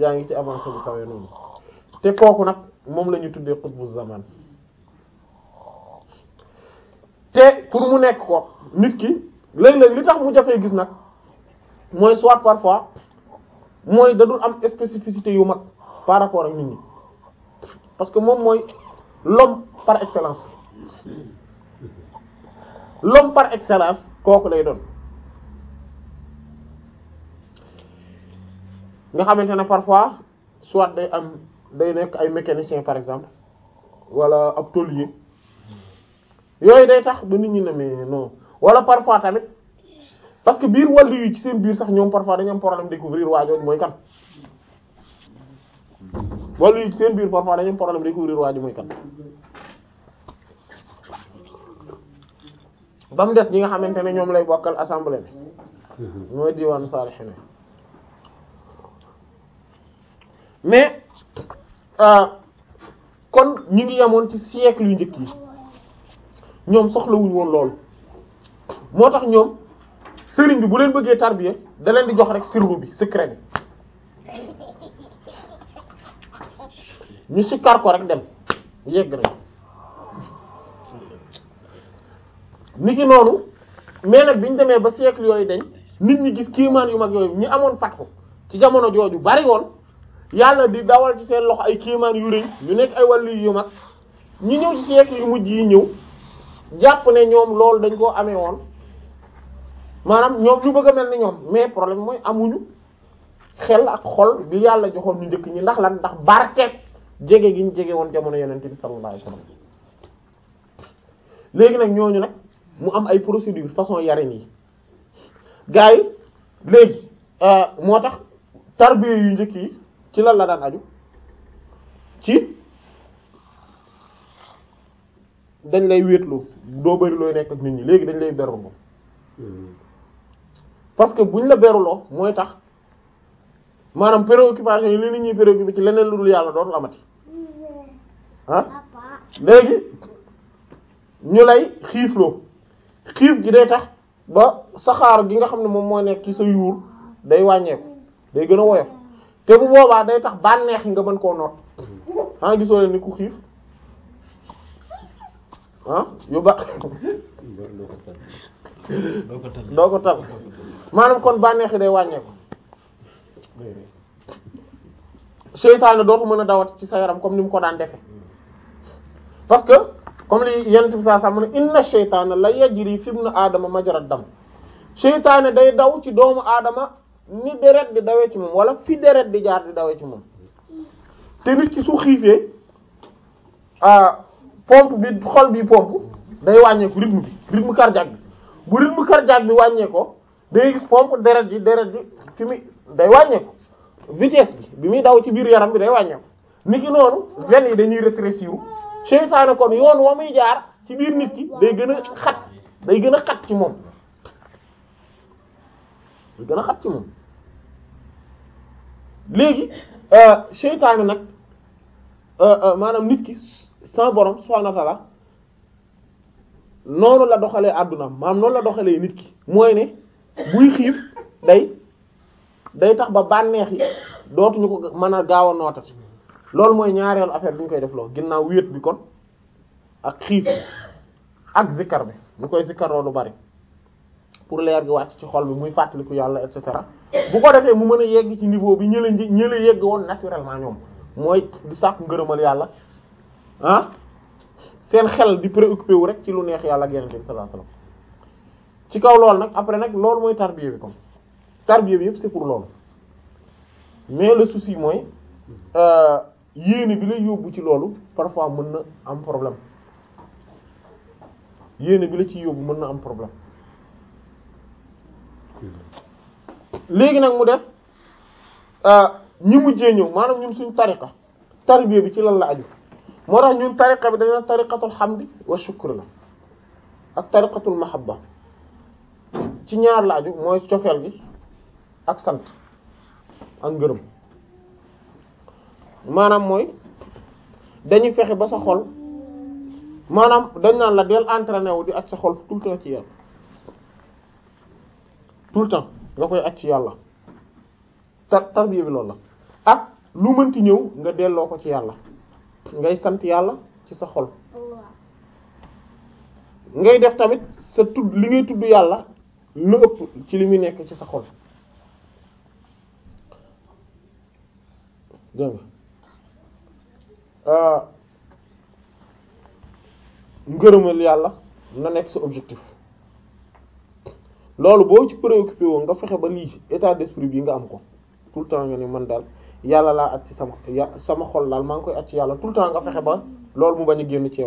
yaa ngi ci avancé bu kawee noonu te kooku nag moom la ñu tuddee xutbu zaman te pour mu nekk ko nit ki léeg-léeg li tax mu jafee gis nag mooy soit parfois mooy da am spécificité yu mag par rapport ak nit ñi parce que moom mooy l'homme par excellence l'homme par excellence kooku lay doon nga xamante ne parfois soit day am day nekk ay mécanicien par exemple wala ab tôlier yooyu day tax ba nit ñi ne mais non wala parfois tamit parce que biir wàllu yi ci seen biir sax ñoom parfois dañu am problème découvrir waa jooju mooy kan wàllu seen biir parfois dañu am problème découvrir waa mooy kan ba mu des ñi nga xamante ne ñoom lay bokkal assemblée bi mm-hmm. mooy diwaanu saalihiin mais euh, kon ñu ngi yamoon ci siècle yu njëkk yi ñoom soxlawuñu woon loolu moo tax ñoom sëriñ bi bu leen bëggee tarbiya da di jox rek sirru bi secret bi ñu sikkar ko rek dem yegg rek nit ki noonu mais nag bi ñu demee ba siècle yooyu dañ nit ñi gis kiimaan yu mag yooyu ñu amoon fatku ci jamono jooju bari woon yàlla di dawal ci seen loxo ay kiimaan yu rëy ñu nekk ay walli yu mag ñi ñëw ci siècle yu mujj yi ñëw jàpp ne ñoom loolu dañ koo amee woon maanaam ñoom ñu bëgg a mel ni ñoom mais problème mooy amuñu xel ak xol bi yàlla joxoon ñu njëkk ñi ndax lan ndax barkeet jege gi ñu jege woon jamono yonent bi sallallahu alayhi wasallam léegi nag ñooñu nag mu am ay procédure façon yarin yi gars yi léegi euh, moo tax tarbiya yu njëkk yi ci lan la daan aju ci dañ lay wéetlu doo bëri looy nekk ak nit ñi léegi dañ lay beruloo parce que buñ la beruloo mooy tax maanaam préoccupation yi li nit ñuy préoccupé ci leneen lu dul yàlla dootul amati léegi ñu lay xiifloo xiif gi day tax ba saxaar gi nga xam ne moom moo nekk ci sa yuur day wàññeeku day gën a woyof te bu boobaa day tax bànneex yi nga mën koo noot xanaa gisoo ni ku xiif yu ba doo ko tal maanaam kon bànneex yi day wàññeeku seytaane dootu mën a dawat ci sa yaram comme ni mu ko daan defe parce que comme li yenn bi saa saa mu ne inna seytaane la yajri fi ibn aadama majra dam seytaane day daw ci doomu aadama ni deret di dawee ci moom wala fi deret di jaar di dawee ci moom te nit ki su xiifee ah pompe bi xol bi pompe day wàññeeku rythme bi rythme cardiaque bi bu rythme cardiaque bi wàññeekoo day pompe deret ji deret ji fi muy day bi bi muy daw ci biir yaram bi day wàññeeku nit ki noonu veines yi dañuy rétrécir seytaane kon yoon wa muy jaar ci biir nit ki day gën a xat day gën a xat ci moom day gën a xat ci moom léegi euh, seytaane nag euh, euh, maanaam nit ki sans borom subhaanahu wa ta'aala noonu la doxalee àdduna maanaam noonu la doxalee nit ki mooy ne buy xiif day day tax ba bànneex yi dootuñu ko mën a gaaw a nootati loolu mooy ñaareelu affaire bi ñu koy def loo ginnaaw wéet bi kon ak xiif ak zikkar bi ñu koy zikkaroo lu bari pour leer gi wàcc ci xol bi muy fàttaliku yàlla et cetera bu ko defee mu mën a yegg ci niveau bi ñëla ñëla yegg woon naturellement ñoom mooy di sàkku ngërëmal yàlla ah seen xel di préoccupé wu rek ci lu neex yàlla ak yenente bi sallallahu ci kaw loolu nag après nag loolu mooy tarbiya bi comme tarbiya bi yëpp c'est pour loolu mais le souci mooy euh, yéene bi lay yóbbu ci loolu parfois mën na am problème yéene bi la ci yóbbu mën na am problème léegi nag mu def euh, ñi mujjee ñëw maanaam ñun suñu tariqa tarbiya bi ci lan la aju moo tax ñun tariqa bi dañu tariqatul hamdi wa shukr la ak tariqatul mahabba ci ñaar la aju mooy cofeel bi ak sant ak ngërëm maanaam mooy dañuy fexe ba sa xol maanaam dañ naan la del entraîné wu di ak sa xol tout temps ci yàlla tout le temps nga koy acc yàlla tar tarbiya bi loolu la ak lu mënti ñëw nga delloo ko ci yàlla ngay sant yàlla ci sa xol ngay def tamit sa tudd li ngay tudd yàlla lu ëpp ci li muy nekk ci sa xol dégg euh, ngërëmal yàlla na nekk sa objectif loolu boo ci préoccupé woo nga fexe ba lii état d'esprit bi nga am ko tout le temps nga ne man daal yàlla laa at ci sama sama xol daal maa ngi koy at ci yàlla tout le temps nga fexe ba loolu mu bañ a génn ci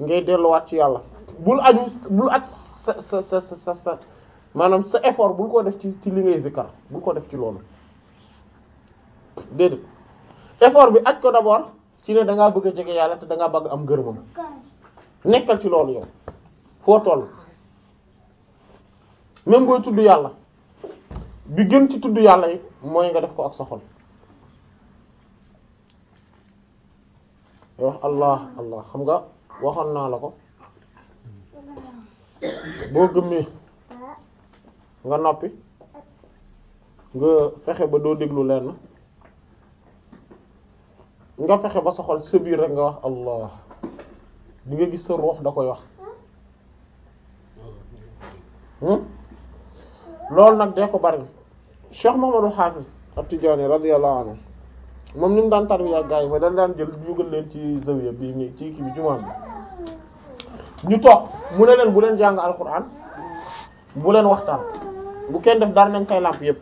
ngay delluwaat ci yàlla bul aju bul at sa sa sa sa maanaam sa effort bul ko def ci ci li ngay zikkar bul ko def ci loolu déedéet effort bi aj ko d'abord ci ne da bëgg a jege yàlla te da ngaa bëgg am gërëmam nekkal ci loolu yow foo toll même booy tudd yàlla bi gën ci tudd yàlla yi mooy nga def ko ak sa xol wax allah allah xam nga waxoon naa la ko boo gëmmee nga noppi nga fexe ba doo déglu lenn nga fexe ba sa xol sa biir rek nga wax allah di nga gis sa ruux da koy wax hmm? loolu nag dee ko bari Cheikh Mamadou Hafiz At-Tidjânî radiyallahu anhu moom ni mu daan tarbiya gaa yi mooy dañ daan jël yugal leen ci zawiya bi ni ci kii bi jumaa bi ñu toog mu ne leen bu leen jàng alquran bu leen waxtaan bu kenn def dara nañ koy làmp yëpp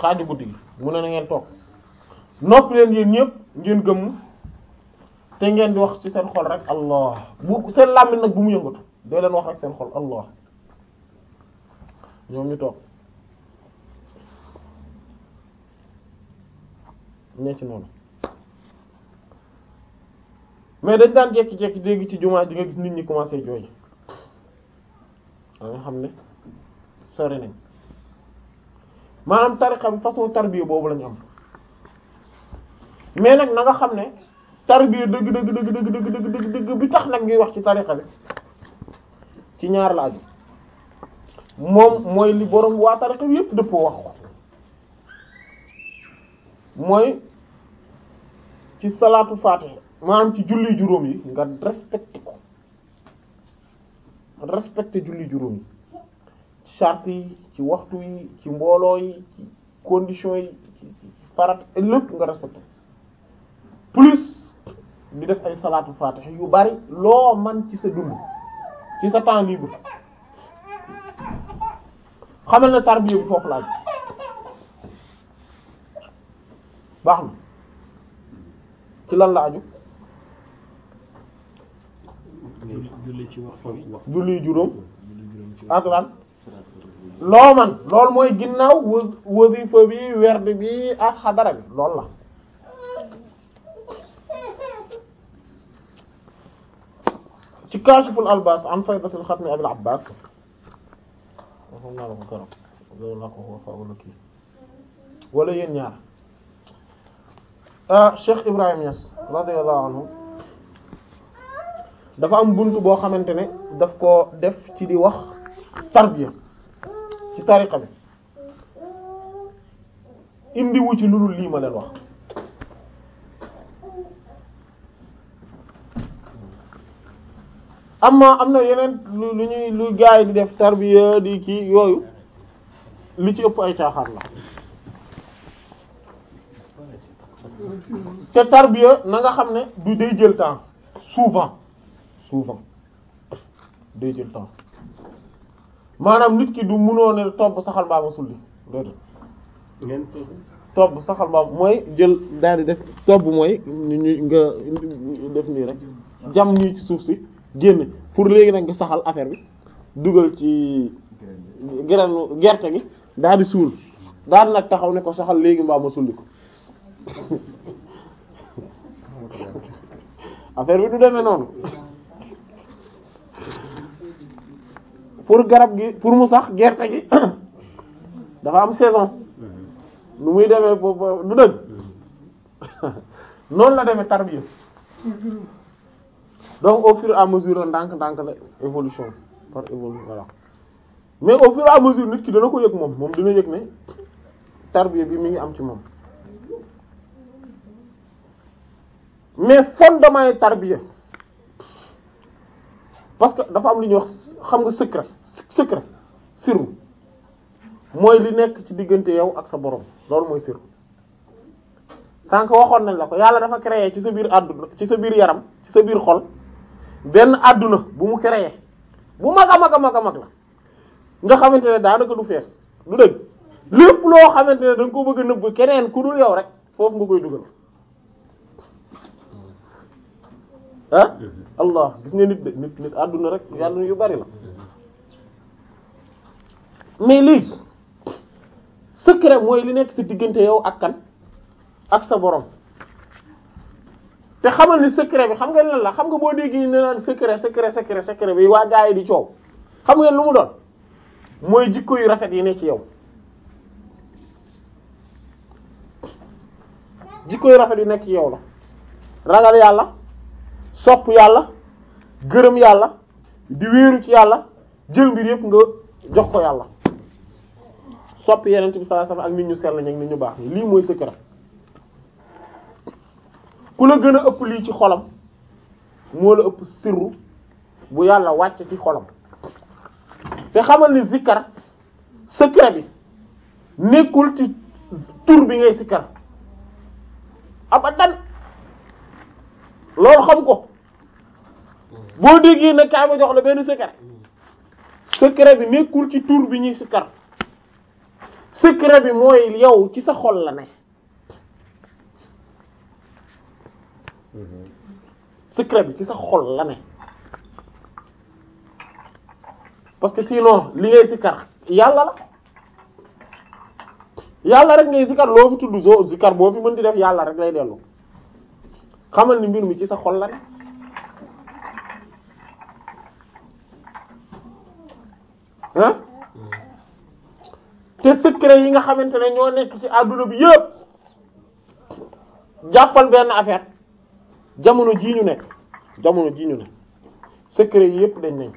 xaaju guddi gi mu ne na ngeen toog noppi leen yéen ñëpp ngeen gëmm te ngeen di wax ci seen xol rek allah bu seen làmmiñ nag bu mu yëngatu doo leen wax rek seen xol allah ñoom ñu toog ne ci noonu mais dañ daan jekki-jekki dégg ci jumaa di nga gis nit ñi commencé jooy nga xam ne sori nañ maanaam tariqa bi façon tarbiya boobu lañu am mais nag na nga xam ne tarbiya dëgg dëgg dëgg dëgg dëgg bi tax nag ñuy wax ci tariqa bi ci ñaar la aju moom mooy li boroom waa tariqa bi yépp dëppoo wax ko mooy ci salaatu faatiha maanaam ci julli juróom yi nga respecté ko respecté julli juróom yi ci charte yi ci waxtu yi ci mbooloo yi ci condition yi ci farat lépp nga respecté plus di def ay salaatu faatiha yu bari loo man ci sa dund ci sa temps libre xamal na tarbiya bi foofu laaj baax na ci lan la aju julli ci wax julli juróom ak lan loo man loolu mooy ginnaaw wasifa bi werd bi ak xadara bi loolu la ci kaashiful albas an faydatil xatmi abil abbas waxoon naa ko keroog loolu laa ko ñaar ah Cheikh Ibrahim Niass radiyallahu anhu dafa am bunt boo xamante ne daf koo def ci di wax tarbiya ci tariqa bi indiwu ci lu dul lii ma leen wax. am na am na yeneen lu lu ñuy lu gaa di def tarbiya di kii yooyu li ci ëpp ay caaxaan la te tarbiya na xam ne du day jël temps souvent souvent day jël temps maanaam nit ki du mënoo ne tobb saxal mbaa ma sulli déedéet ngeen tobb mooy jël daal di def tobb mooy ñu nga def nii rek jam nii ci suuf si génn pour léegi nag nga saxal affaire bi dugal ci graine gerte gi daal di suul daal di nag taxaw ne ko saxal léegi mbaa ma sulli ko affaire bi du demee noonu pour garab gi pour mu sax gerte gi dafa am saison mhm. nu muy demee du dëgg noonu la demee tarbiya donc au fur et à mesure ndànk-ndànk la évolution par évolution voilà mais au fur et à mesure nit ki dana ko yëg moom moom dina yëg ne tarbiya bi mi ngi am ci moom mais fondement yi tarbiya parce que dafa am lu ñuy wax xam nga secret secret siru mooy li nekk ci diggante yow ak sa borom loolu mooy siru sànq waxoon nañ la ko yàlla dafa créer ci sa biir àdduna ci sa biir yaram ci sa biir xol benn àdduna bu mu créé bu mag a mag a mag la nga xamante ne daanaka du fees du dëgg lépp loo xamante ne da nga bëgg a nëbb keneen ku dul yow rek foofu nga koy dugal ah mm-hmm. allah gis nga nit nit àdduna rek yàlla yu bari la mm-hmm. mais léegi secret mooy li nekk ci diggante yow ak kan ak sa borom te xamal ni secret bi xam nga lan la xam nga boo déggee ne naan secret secret secret secret bi waa gaa yi di coow xam ngeen lu mu doon mooy jikko yu rafet yi ne ci yow jikko yu rafet yi nekk ci yow la ragal yàlla sopp yàlla gërëm yàlla di wéeru ci yàlla jël mbir yëpp nga jox ko yàlla sopp yeneen bi sallallahu alayhi wasallam ak nit ñu sell ñi ak nit ñu baax lii mooy secret ku la gën a ëpp lii ci xolam moo la ëpp sirru bu yàlla wàcc ci xolam te xamal ni zikkar secret bi nekkul ci tur bi ngay sikkar abadan loolu xam ko boo déggee nag kaay ma jox la benn secret secret bi nekkul ci tuur bi ñuy sikkar secret bi mooy yow ci sa xol la ne Mm-hmm. secret bi ci sa xol la ne parce que sinon li ngay sikar yàlla la yàlla rek ngay sikar loo fi tudd soo sikar boo fi mën di def yàlla rek lay dellu xamal ni mbir mi ci sa xol la ne ah te secret yi nga xamante ne ñoo nekk ci àdduna bi yépp jàppal benn affaire jamono jii ñu nekk jamono jii ñu nekk secret yépp dañ nañ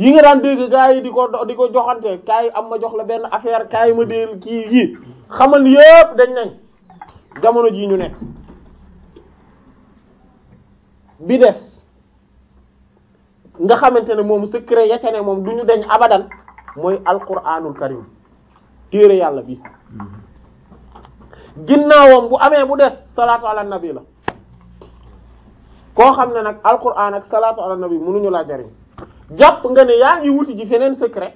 yi nga daan dégg gars yi di ko di ko joxante kaay am ma jox la benn affaire kaay ma deel kii yii xamal yëpp dañ nañ jamono jii ñu nekk bi des nga xamante ne moom secret ya ca moom du ñu deñ abadan mooy alquranul karim téere yàlla bi mm-hmm. ginnaawam bu amee bu des salaatu ala nabi la koo xam ne nag alquran ak salaatu ala nabi mënuñu laa jariñ jàpp nga ne yaa ngi wuti ji feneen secret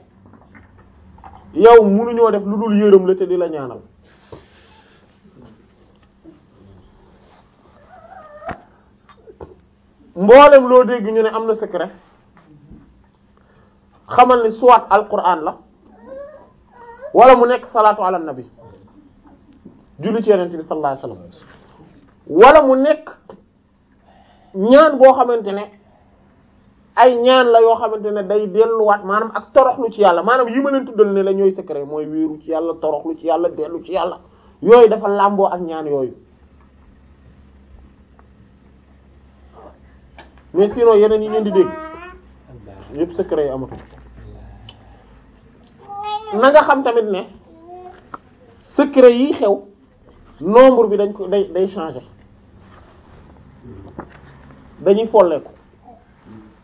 yow mënuñoo def lu dul yërëm la te di la ñaanal mboolem loo dégg ñu ne am na secret xamal ni soit alquran la wala mu nekk salaatu ala nabi julli ci yonent bi sallallahu alayhi wasallam mu nekk ñaan boo xamante ne ay ñaan la yoo xamante ne day delluwaat maanaam ak toroxlu ci yàlla maanaam yi ma leen tuddal ne la ñooy secret mooy wéeru ci yàlla toroxlu ci yàlla dellu ci yàlla yooyu dafa làmboo ak ñaan yooyu mais sinon yeneen yi ngeen di dégg yépp secret yi amatul na nga xam tamit ne secret yi xew nombre bi dañ ko day day changer dañuy folleeku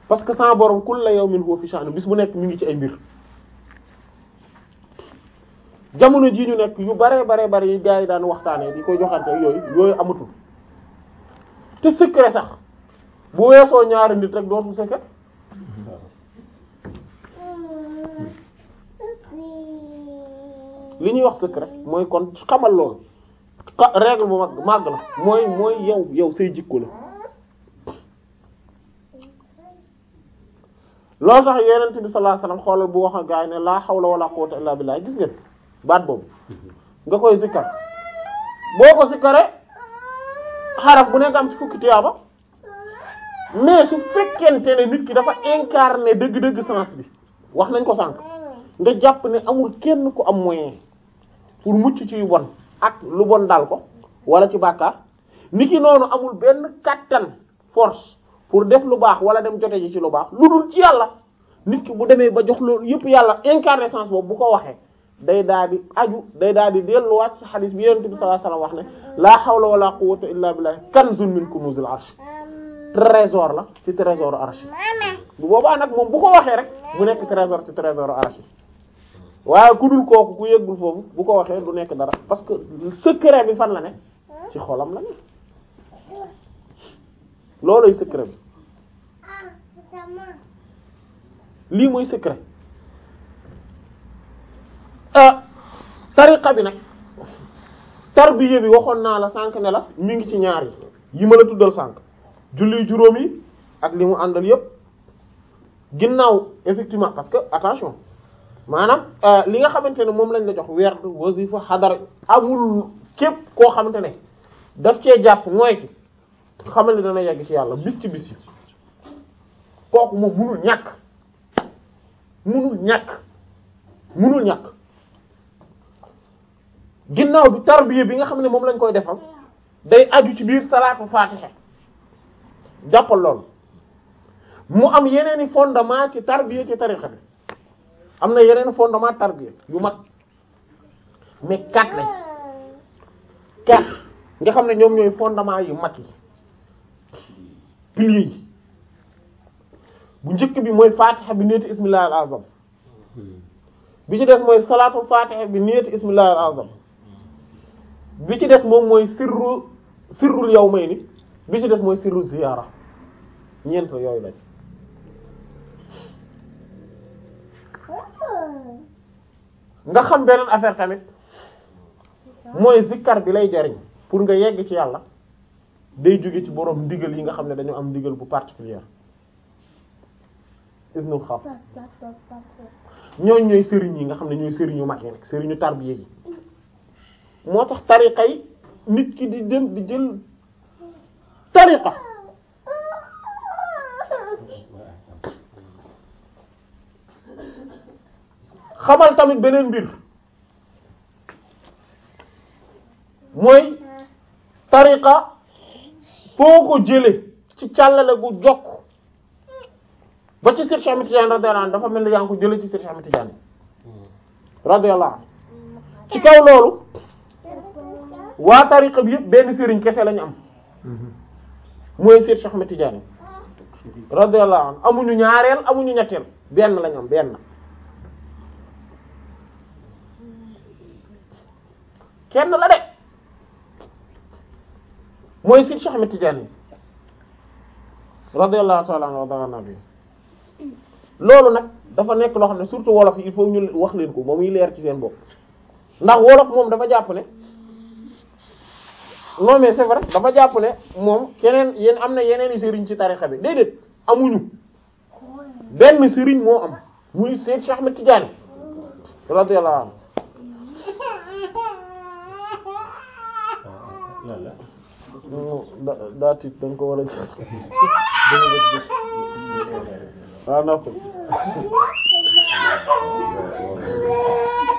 parce que sa borom kul la yawmin huwa fi sha'n bis bu nekk mu ngi ci ay mbir jamono jii ñu nekk yu bare bare bare yi gars yi daan waxtaanee di koy joxante yooyu yooyu amatul te secret sax bu weesoo ñaari nit rek dootul secret li ñuy wax secret mooy kon xamal loolu règle bu mag màgg la mooy mooy yow yow say jikko la loolu tax yenent bi sallallahu alayhi xoolal bu wax a gaay ne laa hawla wala quwwata illa billah gis ngeen baat boobu nga koy sikkar boo ko sikkaree xaraf bu nekk am ci fukki tiyaaba mais su fekkente ne nit ki dafa incarner dëgg-dëgg sens bi wax nañ ko sànq nga jàpp ne amul kenn ku am moyen pour mucc ci won ak lu bon daal ko wala ci bàkkaar niki noonu amul benn kàttan force pour def lu baax wala dem jote ji ci lu baax lu dul ci yàlla nit ki bu demee ba jox loolu yëpp yàlla incarnation boobu bu ko waxee day daa di aju day daa di delluwaat ci xadis bi yonent bi sallallahu alayhi wax ne laa hawla wala quwwata illa billah kanzun min kunuzil arsh trésor la ci trésor arsh bu boobaa nag moom bu ko waxee rek bu nekk trésor ci trésor arsh waaye ku dul kooku ku yeggul foofu bu ko waxee du nekk dara parce que secret bi fan la ne ci xolam la ne loolooy secret bi lii mooy secret ah tariqa bi nag tarbiya bi waxoon naa la sànq ne la mi ngi ci ñaar yi yi ma la tuddal sànq julli juróom yi ak li mu àndal yépp ginnaaw effectivement parce que attention maanaam euh, li nga xamante ne moom lañ la jox weer wasifa xadara amul képp koo xamante ne daf cee jàpp mooy ci xamal ne dana yegg ci yàlla bis ci bis yi kooku moom munul ñàkk munul ñàkk munul ñàkk ginnaaw bi tarbiya bi nga xam ne moom lañ koy defal day aju ci biir salaatu fatiha jàppal lool mu am yeneen i fondement ci tarbiya ci tarixa bi am na yeneen fondement tarbiya yu mag mais quatre lañ quatre nga xam ne ñoom ñooy fondement yu mag yi piliers bu njëkk bi mooy fatiha bi niyyati ismillah al mooy salaatul bi niyyati ismillah al bi ci des moom mooy sirru sirrul yawmayni bi ci des mooy sirru ziyaara ñeent la yooyu lañ nga xam beneen affaire tamit mooy zikkar bi lay jariñ pour nga yegg ci yàlla day jóge ci boroom ndigal yi nga xam ne dañu am ndigal bu particulier isnul xaaf ñooñ ñooy sëriñ yi nga xam ne ñooy sëriñu mag yi nag sëriñu tarbiya yi moo tax tariqa yi nit ki di dem di jël tariqa xamal tamit beneen mbir mooy tariqa foo ko jële ci càllale gu jokk ba ci Cheikh Ahmed Tidiane radiyallahu anhu dafa mel ni yaa ngi ko jële ci Cheikh Ahmed Tidiane radiyallahu anhu ci kaw loolu waa tariqa bi yëpp benn sëriñ kese lañu am mooy Cheikh Ahmed Tidiane radiyallahu anhu amuñu ñaareel amuñu ñetteel benn lañu am benn kenn la de mooy Seydi Cheikh Ahmed Tidiane radiyallahu ta'ala anhu wa nabi loolu nag dafa nekk loo xam ne surtout wolof yi il faut ñu wax leen ko ba muy leer ci seen bopp ndax wolof moom dafa jàpp ne non mais c'est vrai dafa jàpp ne moom keneen yéen am na yeneen i sëriñ ci tarixa bi déedéet amuñu benn sëriñ moo am muy Seydi Cheikh Ahmed Tidiane radiyallahu anhu non tiit da ko war a jàpp waaw ah, noppi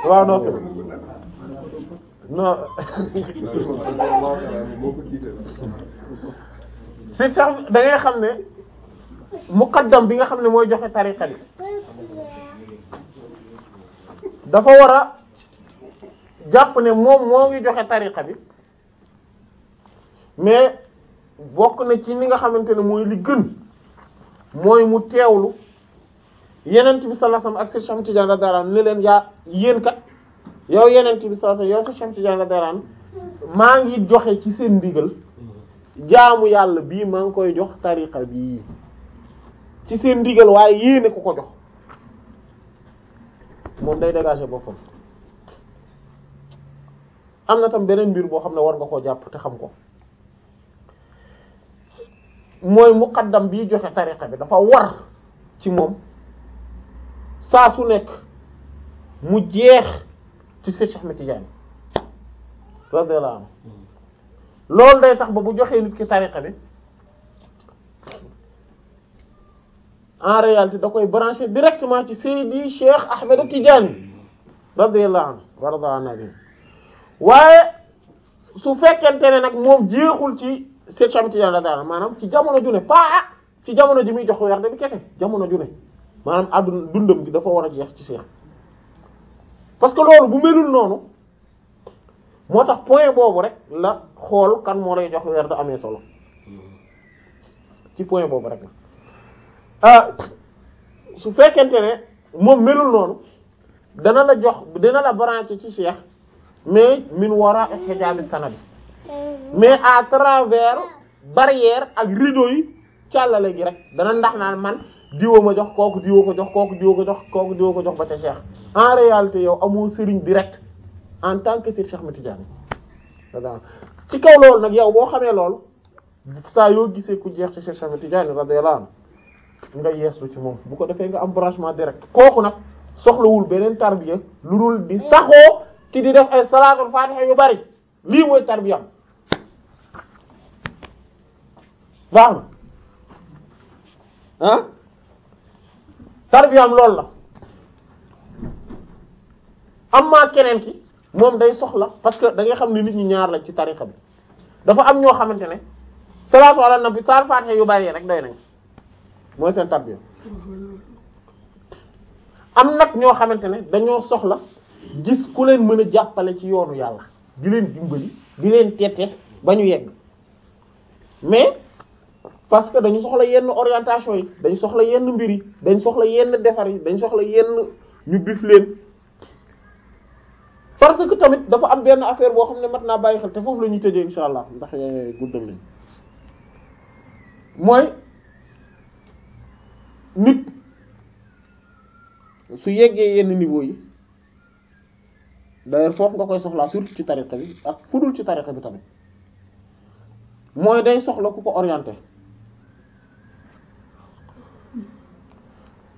waaw noppi non si ne muqaddam bi nga xam ne mooy joxe tariqa bi dafa war a jàpp ne moom moo ngi joxe tariqa bi mais bokk na ci li nga xamante ne mooy li gën mooy mu teewlu yenent bi sallallahu alayhi wasallam ak Seex Ahmad Tijaan radiyallahu anhu ne leen yaa yéen kat yow yenent bi sallallahu alayhi wasallam yow Seex Ahmad Tijaan radiyallahu anhu maa ngi joxe ci seen ndigal jaamu yàlla bii maa ngi koy jox tariqa bii ci seen ndigal waaye yéene ku ko jox moom day dégager boppam am na tam beneen mbir boo xam ne war nga koo jàpp te xam ko mooy muqaddam bi joxe tariqa bi dafa war ci moom saa su nekk mu jeex ci Seex Ahmed Tijaani radiyallahu anhu day tax ba bu joxee nit ki tariqa bi en réalité da koy branché directement ci Seydi Cheikh Ahmed Tidiane radiyallahu anhu wa waaye su fekkente ne nag moom jeexul ci Seex Ahmad Tijaan radiyallahu anhu maanaam ci jamono ju paa ci jamono ji muy jox werd bi kese jamono ju ne maanaam àdduna dundam gi dafa war a jeex ci Seex parce que loolu bu melul noonu moo tax point boobu rek la xool kan moo lay jox werd amee solo ci point boobu rek la ah, su fekkente ne moom melul noonu dana la jox dana la branché ci Seex mais min wara hijabi bi mais à travers barrière ak rideau yi càllale gi rek dana ndax naa man diwoo ma jox kooku diwoo ko jox kooku diwoo ko jox kooku diwoo ko jox ba ca Cheikh en réalité yow amoo sëriñ direct en tant que Cheikh Ahmed Tidiane ci kaw loolu nag yow boo xamee loolu saa yoo gisee ku jeex ci Cheikh Ahmed Tidiane radiyallahu anhu nga yeeslu ci moom bu ko defee nga am branchement direct kooku nag soxlawul beneen tarbiya lu dul di saxoo ci di def ay salaatul faatiha yu bari lii mooy tarbiyam baax na ah tarbiyam lool la am amma keneen ki moom day soxla parce que dangay xam ne nit ñu ñaar la ci tariqa bi dafa am ñoo xamante ne salaatu ala bi saar faatiha yu bari rek doy nañ mooy seen tarbiya am nag ñoo xamante ne dañoo soxla gis ku leen mën a jàppale ci yoonu yàlla di leen dimbali di leen tette ba ñu yegg mais parce que dañu soxla yenn orientation yi dañ soxla yenn mbir yi dañ soxla yenn defar yi dañ soxla yenn ñu bif leen parce que tamit dafa am benn affaire boo xam ne mat naa bàyyi xel te foofu la ñuy tëjee insha allah ndax guddam lañ mooy nit su yeggee yenn niveau yi d'ailleurs foofu nga koy soxlaa surtout ci tariqa bi ak fudul ci tariqa bi tamit mooy day soxla ku ko orienté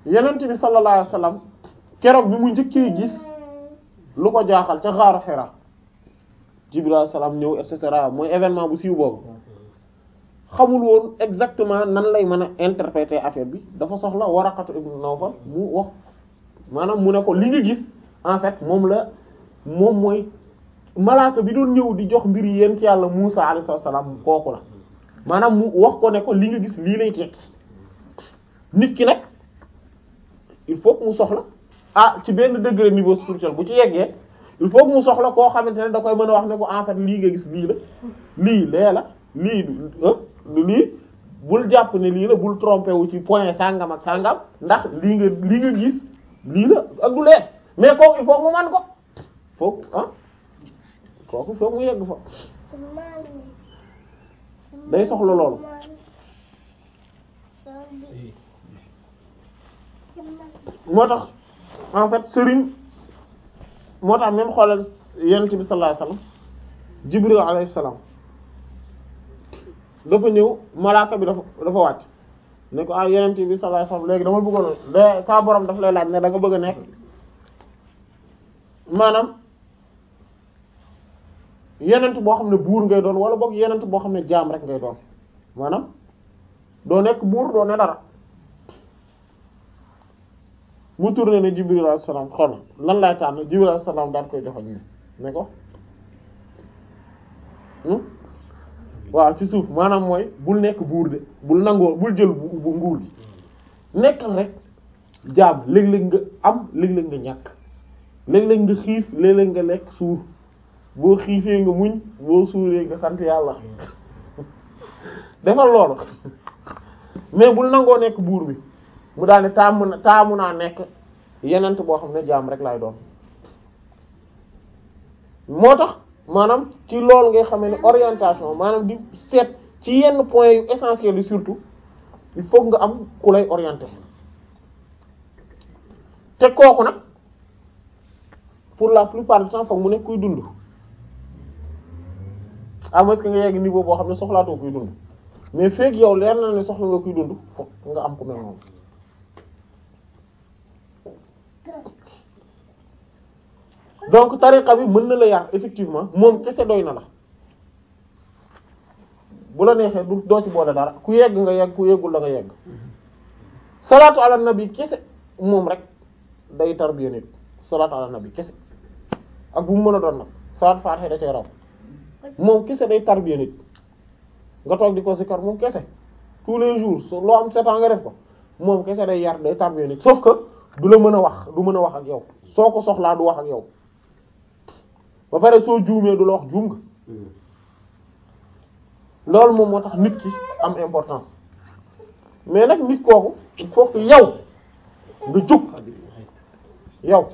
yenent bi sallallahu alayhi wasallam keroog bi mu njëkkee gis lu ko jaaxal ca xaaru Hira Jibril alayhi salaam ñëw et cetera mooy événement bu siiw boobu xamul woon nan lay mën a interpréter affaire bi dafa soxla Waraqatu ibn Nawfal li nga gis en fait moom la moom mooy malaaka bi doon ñëw di jox mbir yent yàlla Muusa alayhi salaam kooku la maanaam mu wax ko ne ko li nga gis lii lay tekki ki nag il faut mu soxla ah ci benn degré niveau spirituel bu ci yeggee il mu soxla koo xamante ne da koy mën a wax ne ko en fait lii nga gis lii la lii lee la ah, lii bul jàpp ne lii la bul trompé wu ci point sangam ak sangam ndax lii nga lii nga gis lii la ak du lee mais kooku mu man ko foog ah kooku foog mu yegg fa day soxla loolu moo tax en fait sëriñ moo tax même xoolal yonent bi sallallahu alayhi wasallam Jibril alayhi salaam dafa ñëw malaaka bi dafa dafa wàcc ne ko ah yonent bi sallallahu alayhi wasallam léegi dama bëggoon de saa daf lay laaj ne danga nga bëgg a nekk maanaam yenent boo xam ne buur ngay doon wala boog yenent boo xam ne jaam rek ngay doon maanaam doo nekk buur doo ne dara mu tourné ne Jibril alayhi salaam xool lan laay tànn Jibril alayhi salaam daal koy joxoñ ne ne ko hmm? waaw ci suuf maanaam mooy bul nekk buur de bul nangoo bul jël bu nguur gi nekkal rek jaam léeg-léeg nga am léeg-léeg nga ñàkk léeg-léeg nga xiif léeg-léeg nga lekk suur boo xiifee nga muñ boo suuree nga sant yàlla defal loolu mais bul nangoo nekk buur bi mu daal ne taamu na taamu naa nekk yenent boo xam ne jaam rek lay doon moo tax maanaam ci loolu ngay xamee ne orientation maanaam di seet ci yenn point yu essentiel yi surtout il faut nga am ku lay orienté te kooku nag pour la plupart du temps foog mu nekk kuy dund à moins que nga yegg niveau boo xam ne soxlaatoo kuy dund mais feeg yow leer na ne soxla nga kuy dund fokk nga am ku mel noonu donc tariqa bi mën na la yar effectivement moom kese doy na la bu la neexee du doo ci boole dara ku yegg nga yegg ku yeggul la nga yegg salaatu ala kese moom rek day tarbiya nit salaatu ala kese ak bu mu mën a doon nag salaat faatiha da cee moom kese day tarbiya nit nga toog di ko sikar moom kese tous les jours loo am sept nga def ko moom kese day yar day tarbiya nit sauf que du la mën a wax du mën a wax ak yow soo ko soxlaa du wax ak yow ba pare soo juumee du la wax juum nga loolu moom moo tax nit ki am importance mais nag nit kooku il faut que yow nga jóg yow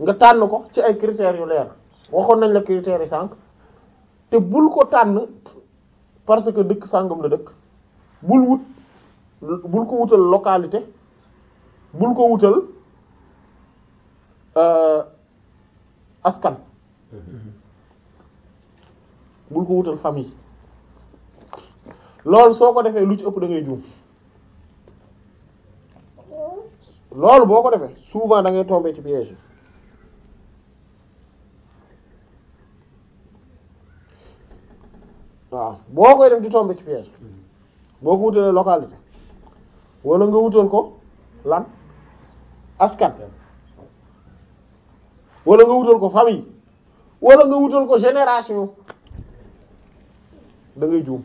nga tànn ko ci ay critères yu leer waxoon nañ la critères yi sànq te bul ko tànn parce que dëkk sàngam la dëkk bul wut bul ko wutal localité bul ko wutal euh, askan bul ko wutal famille loolu soo ko defee lu ci ëpp dangay ngay juum loolu boo ko defee souvent da ngay tomber ci piège waaw boo koy def di tomber ci piège boo ko wutalee localité wala nga wutal ko lan askan wala nga wutal ko famille wala nga wutal ko génération dangay ngay juum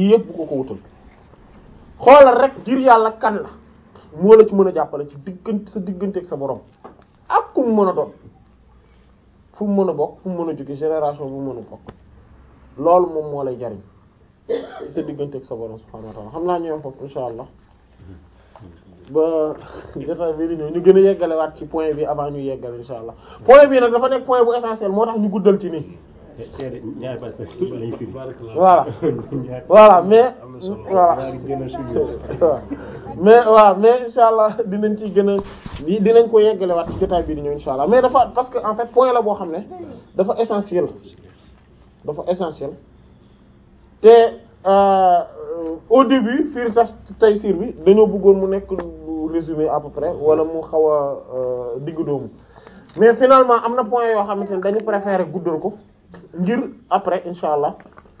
yii ko ko wutal xoolal rek ngir yàlla kan la moo la ci mën a jàppale ci diggante sa diggante ak sa borom ak ku mu mën a doon fu mën a bokk fu mën a jóge génération bu mu mën a bokk loolu moom moo lay jariñ sa diggante ak sa borom subhaanahu xam naa ñoom foofu insha allah ba jotaay bi di ñu gën a yeggale waat ci point bi avant ñu yeggale insha allah point bi nag dafa nekk point bu essentiel moo tax ñu guddal ci nii voilà voilà mais voilà mais waaw mais insha allah dinañ ci gën a dinañ ko yeggale waat ci jotaay bi di ñëw insha allah mais dafa parce que en fait point la boo xam ne dafa essentiel dafa essentiel te euh, au début fiir tas taysiir bi dañoo bëggoon mu nekk lu résumé à peu près wala mu xaw a euh, diggu doomu mais finalement am na point yoo xamante ne dañu préférer guddal ko ngir après insha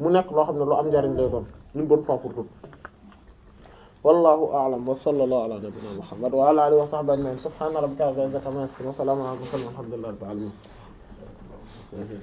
mu nekk loo xam ne am njariñ lay doon une bonne fois pour tout wallahu a'lam wa sallallahu ala nabiyyina muhammad wa ala alihi wa sahbihi ajma'in subhana rabbika rabbil izzati amma